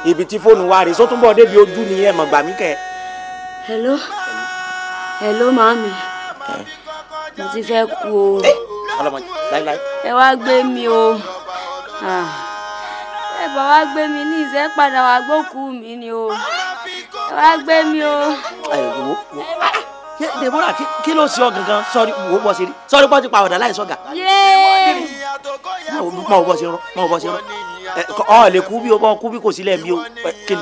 ibi tí fóònù wa rèé sótúnbọ̀ débi ojú ni ẹ mọ̀ gbà mí kẹ́. hello hello màmí mo ti fẹ́ kú o ẹ wá gbé mi o ah. ẹ bá wá gbé mi ní ìṣẹ́ padà wá gbókù mi ni o ẹ wá gbé mi o. Ah, Deborah kí ló ṣe ọ gangan sọrí wò ó sí rí sọrí pọ́n ti pa ọ̀dà láì sọ̀gà. yéé mọ bọ ṣe rán mọ bọ ṣe rán ọ lè kú bí o bọ kú bí kò sílẹ̀ bí o kìnì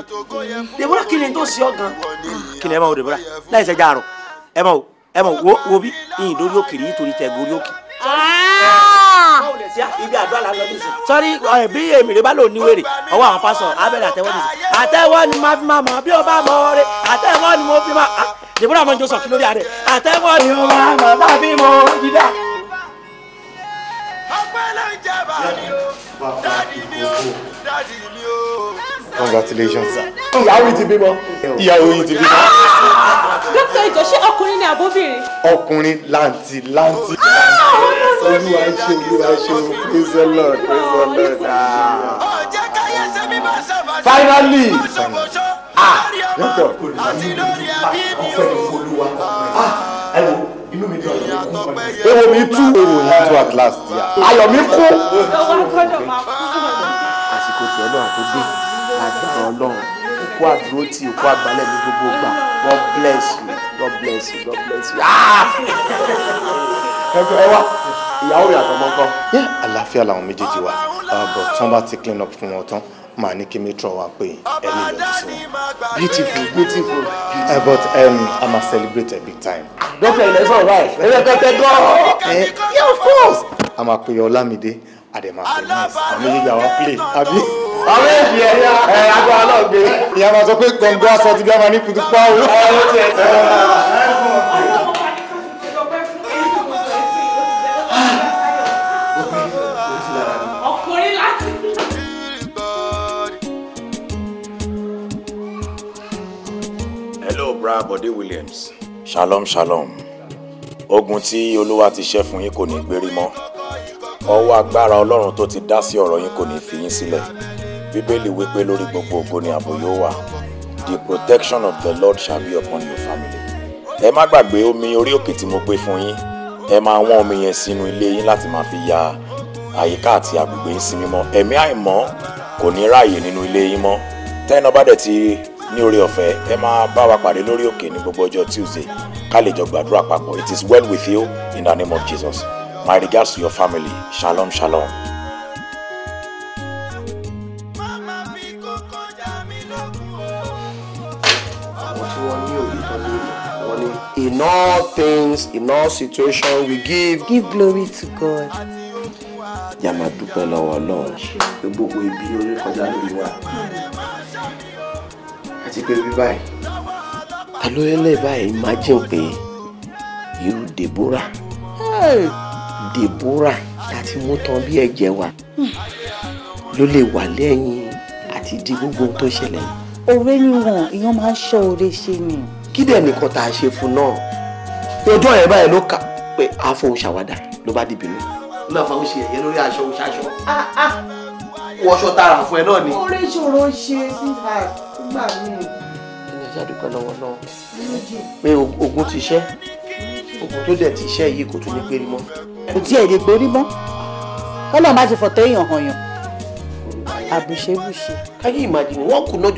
dèbúrà kìnì tó sí ọ gan ah, kìnì ẹ ma wo dèbúrà láì sẹjà àrò ẹ ma wo ẹ ma wo wo bí ìyìn lórí òkè yìí torí tẹ gorí òkè. Ah! sọ́rí bí èmi bá lò ní wèrè ọwọ́ àwọn pásọ̀ abẹ́rẹ́ àtẹ́wọ́ ni àtẹ́wọ́ ni máa fi máa mọ̀ bí o bá mọ̀ ọ́ rẹ àtẹ́wọ́ ni mo fi máa ah, dèbúrà mọ̀ ní jọ́sọ̀ kí lórí àrẹ àtẹ́wọ́ ni o máa mọ̀ bá fi mọ̀ ọ́ congratulations sir. ìyàwó yìí ti bímọ. ìyàwó yìí ti bímọ. dókítà ìjọ ṣé ọkùnrin ni àbóbìnrin. ọkùnrin láǹtì láǹtì. Ah, olúwa ṣe olúwa ṣe o praise the lord praise the oh, lord. ọ̀jẹ̀ káyé ṣe mi máa ṣàbàjẹ́. finally. ah dókítà ọ̀pẹ̀ ah ẹ wo inú mi dùn. ewo mi tú ìròyìn tú at last ayọ̀ mi kú. àsìkò tí ọlọ́run tó dé lágbára ọlọ́run òkú àdúró tí òkú àgbálẹ̀ ní gbogbo gbà God bless you God bless you God bless you. Ah! ẹ wá ìyàwó mi àtọmọ kan. àlàáfíà làwọn méjèèjì wà ah, bọ̀ ti clean up fún wọn tán màá ní kí matron wa pé ẹni lọ sí wọn. beautiful beautiful. Uh, but um, i ma celebrate a big time. doctor ilẹ̀ sọ̀rọ̀ báyìí ẹ̀rọ kẹ́kẹ́ gan-an. yeah of course. a máa pe ọlámídé àdèmà pé nice àmì yíyá wa play àbí. àwọn èèyàn yẹn ya ẹ agbára aláàgbé. ìyá máa sọ pé gbọ̀ngàn aṣọ ti gbá máa ní kutu pa eh, o. ọ̀rọ̀ tiẹ̀ sọ̀rọ̀. Eh, Bode Williams. Shalom shalom. Ogun tí Olúwa ti ṣẹ́ fún yín kò ní gbérí mọ́. Ọwọ́ agbára Ọlọ́run tó ti dá sí ọ̀rọ̀ yín kò ní fi yín sílẹ̀. Bíbélì wípé lórí gbogbo ògo ni ààbò yóò wà. The protection of the Lord shall be upon your family. Ẹ má gbàgbé omi orí òkè tí mo gbé fún yín. Ẹ máa wọ́n omi yẹn sínú ilé yín láti máa fi ya àyíká àti agbègbè yín sí mímọ́. Ẹ̀mí àìmọ́ kò ní ráàyè nínú ilé yín mọ́. Tẹ́ná bá dẹ̀ ti ní oore ọ̀fẹ́ ẹ máa bá wa pàdé lórí òkè ní gbogbo ọjọ́ tuesday ká lè jọ gbàdúrà papọ̀ it is well with you in the name of jesus my regards to your family shalom shalom. In all things, in all situations, we give. Give glory to God. Yàmà dúpẹ́ The book will be orí kọjá lórí wa àti pé bí báyìí alóyẹlẹ báyìí imagine pé irú Deborah Deborah láti mú tán bí ẹ̀jẹ̀ wa ló lè wà lẹ́yìn àti di gbogbo ohun tó ṣẹlẹ̀. òwe ni wọn èèyàn máa ń ṣọ oore ṣe ni. kí dẹ̀ nìkan tá a ṣe fún náà ojú ọ̀rẹ́ báyìí ló kà pé àáfọ̀hún ṣàwádà ló bá dìbò náà. náà fáwọn ṣe ẹ̀yẹ lórí aṣọ òṣàṣọ. Ah, ah. wọṣọ tààrà fún ẹ náà ni. oore ṣòro ṣe sí i gbà mí. ẹni ẹja dúpẹ́ lọ́wọ́ náà pé ogun ti ṣẹ́ ogun tó dẹ̀ ti ṣẹ́ yìí kò tún ní péri mọ́. kò tí ẹ̀ lè péri mọ́ kọ́lọ́ má ti fọ̀tẹ́ èèyàn hàn yàn àbùṣebùṣe. can you imagine one could not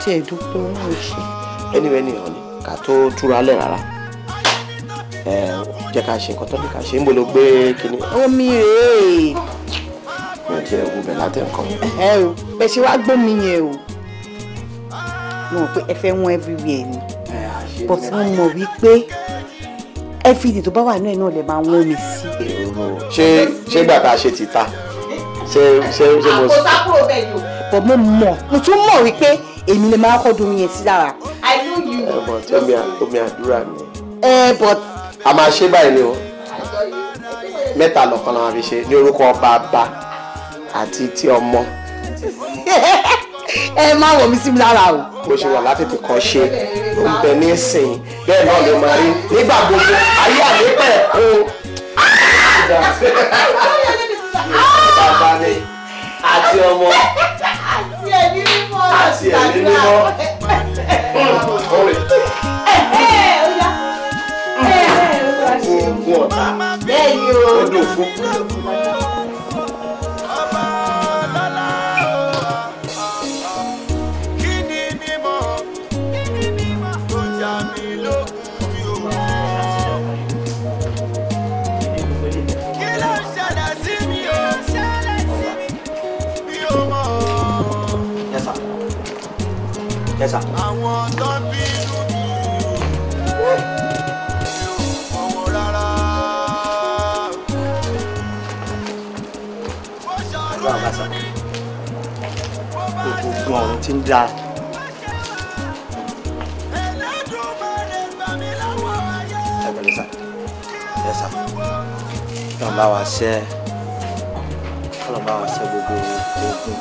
tí ẹ dúpẹ́ owó ṣe. anyway ni ọ̀nì ká tó túra lẹ̀ rárá ẹ jẹ́ ká ṣe nǹkan tó ní ká ṣe ń bolo gbé kinní. omi rèé. ẹ jẹ́ ewu bẹ̀ látẹ̀ nǹkan. ẹ o bẹ́ẹ̀ ṣe wá gbómi yẹn o mo mọ̀ pé ẹ fẹ́ wọ́n everywhere ni but mo mọ̀ wípé everything tó bá wà náà náà lè máa wọ́n mi sí. ṣé ṣé ìgbà ṣe ti ta ṣé ṣé ṣé mo. àpò sákòrò bẹ́ẹ̀ yòó. but mo mọ̀ mo tún mọ̀ wípé èmi lè máa kọ́ domi yẹn sí lára. I know you. ẹ bọ̀ tí omi àdúrà mi. ẹ but. a máa ṣe báyìí ni o mẹ́ta lọ́kàn la máa fi ṣe ní orúkọ bàbá àti ti ọmọ. ẹ má wọ̀ mí sí mi lára o. bó ṣe wà látètè kan ṣe ló ń bẹ ní ìsìn bẹ́ẹ̀ náà ló máa rí nígbà gbogbo ayé àmì pẹ̀ o. bàbá àti ọmọ àti ẹ̀mí mímọ́ àti ẹ̀mí mímọ́ ọ̀rẹ́. Bẹ́ẹ̀ni ti ń da. ẹ pẹ̀lú sà ẹ sà kọ́nà bá wa ṣẹ́ kọ́nà bá wa ṣẹ́ gbogbo ogun.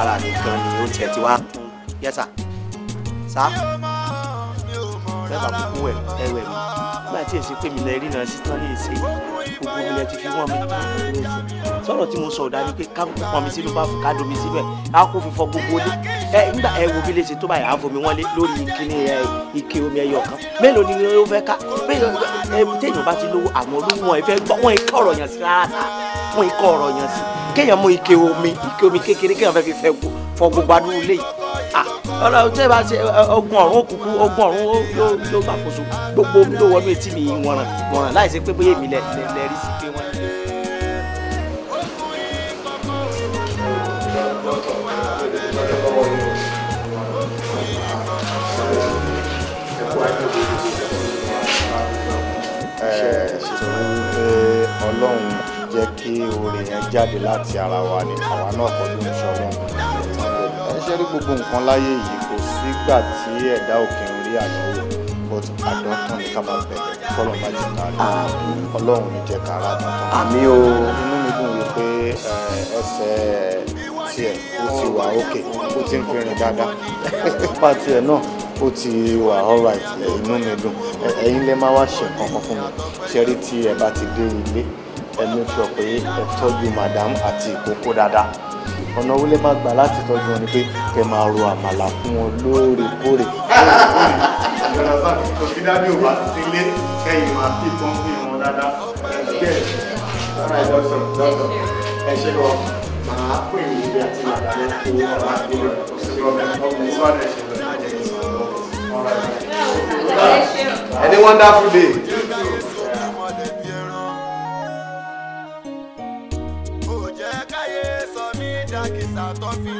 ara nìkan ni ó tiẹ̀ ti wá. yẹ́sà. Yes, sá mẹ́fà kúkú ẹ̀ ẹ̀wẹ̀ mi nígbà tí èsì pé mi lẹ rí náà sí tán ní èsì gbogbo ilẹ̀ ti fi wọ́n mi ní èsì sọ̀rọ̀ tí mo sọ ọ̀dà ni pé ká pọ̀ mi sínú báfù ká domi síbẹ̀ ká kó fífọ gbogbo lé ẹ nígbà ẹ wo bí lè ṣe tó báyìí àfomi wọn lé lórí ìkíni ẹ ike omi ẹyọ kan mélòó ni ó fẹ́ ká téèyàn bá ti lówó àwọn olówó wọn ìfẹ́ gbọ́ wọn ikọ̀ ọ̀rọ̀ yàn sí ọlọ́run tí bá ṣe ogun ọ̀run òkùnkùn ogun ọ̀run yóò yóò gbàkóso gbogbo omi ló wọnú etí mi wọ̀ràn wọ̀ràn láì ṣe pé bóyá èmi lẹ lẹ rí sí pé wọ́n. ọlọ́run jẹ́ kí orin yẹn jáde láti ara wa ni àwa náà kọ́ ló ọlọ́run ṣẹ́rí gbogbo nǹkan láyé yìí kò sígbà tí ẹ̀dá òkè ń rí àdánwò but àdántán ni ká máa bẹ̀rẹ̀ kọ́lọ̀ má jẹ́ ká rí ọlọ́run ní jẹ́ ká rà àmì o inú mi dùn wípé eh, ẹsẹ̀ tiẹ̀ ó ti wà òkè ó ti ń fi rìn dáadáa pa tiẹ̀ náà ó ti wà alright inú mi dùn eh, ẹ̀yin lè má wá ṣe kankan fún mi ṣẹ́rí tí ẹ bá ti dé ilé ẹ ní sọ pé ẹ tọ́jú madam àti ìkókó dáadáa ọ̀nà owó lè má gbà láti tọ́jú wọn ni pé kẹ máa ro àmàlà fún wọn lóòrèkóòrè. kò sí dábì òbá sílé kẹyìn máa fi tán fún ìwọn dáadáa bẹ́ẹ̀ sára ìdọsọ ìdọsọ ẹ ṣe lọ màá pè é níbi àti màdà ní wọn máa fi lọ sí ọgbẹni ọgbẹni sí wàdà ìṣẹ̀lẹ̀ ẹni wonderful day. tua filha.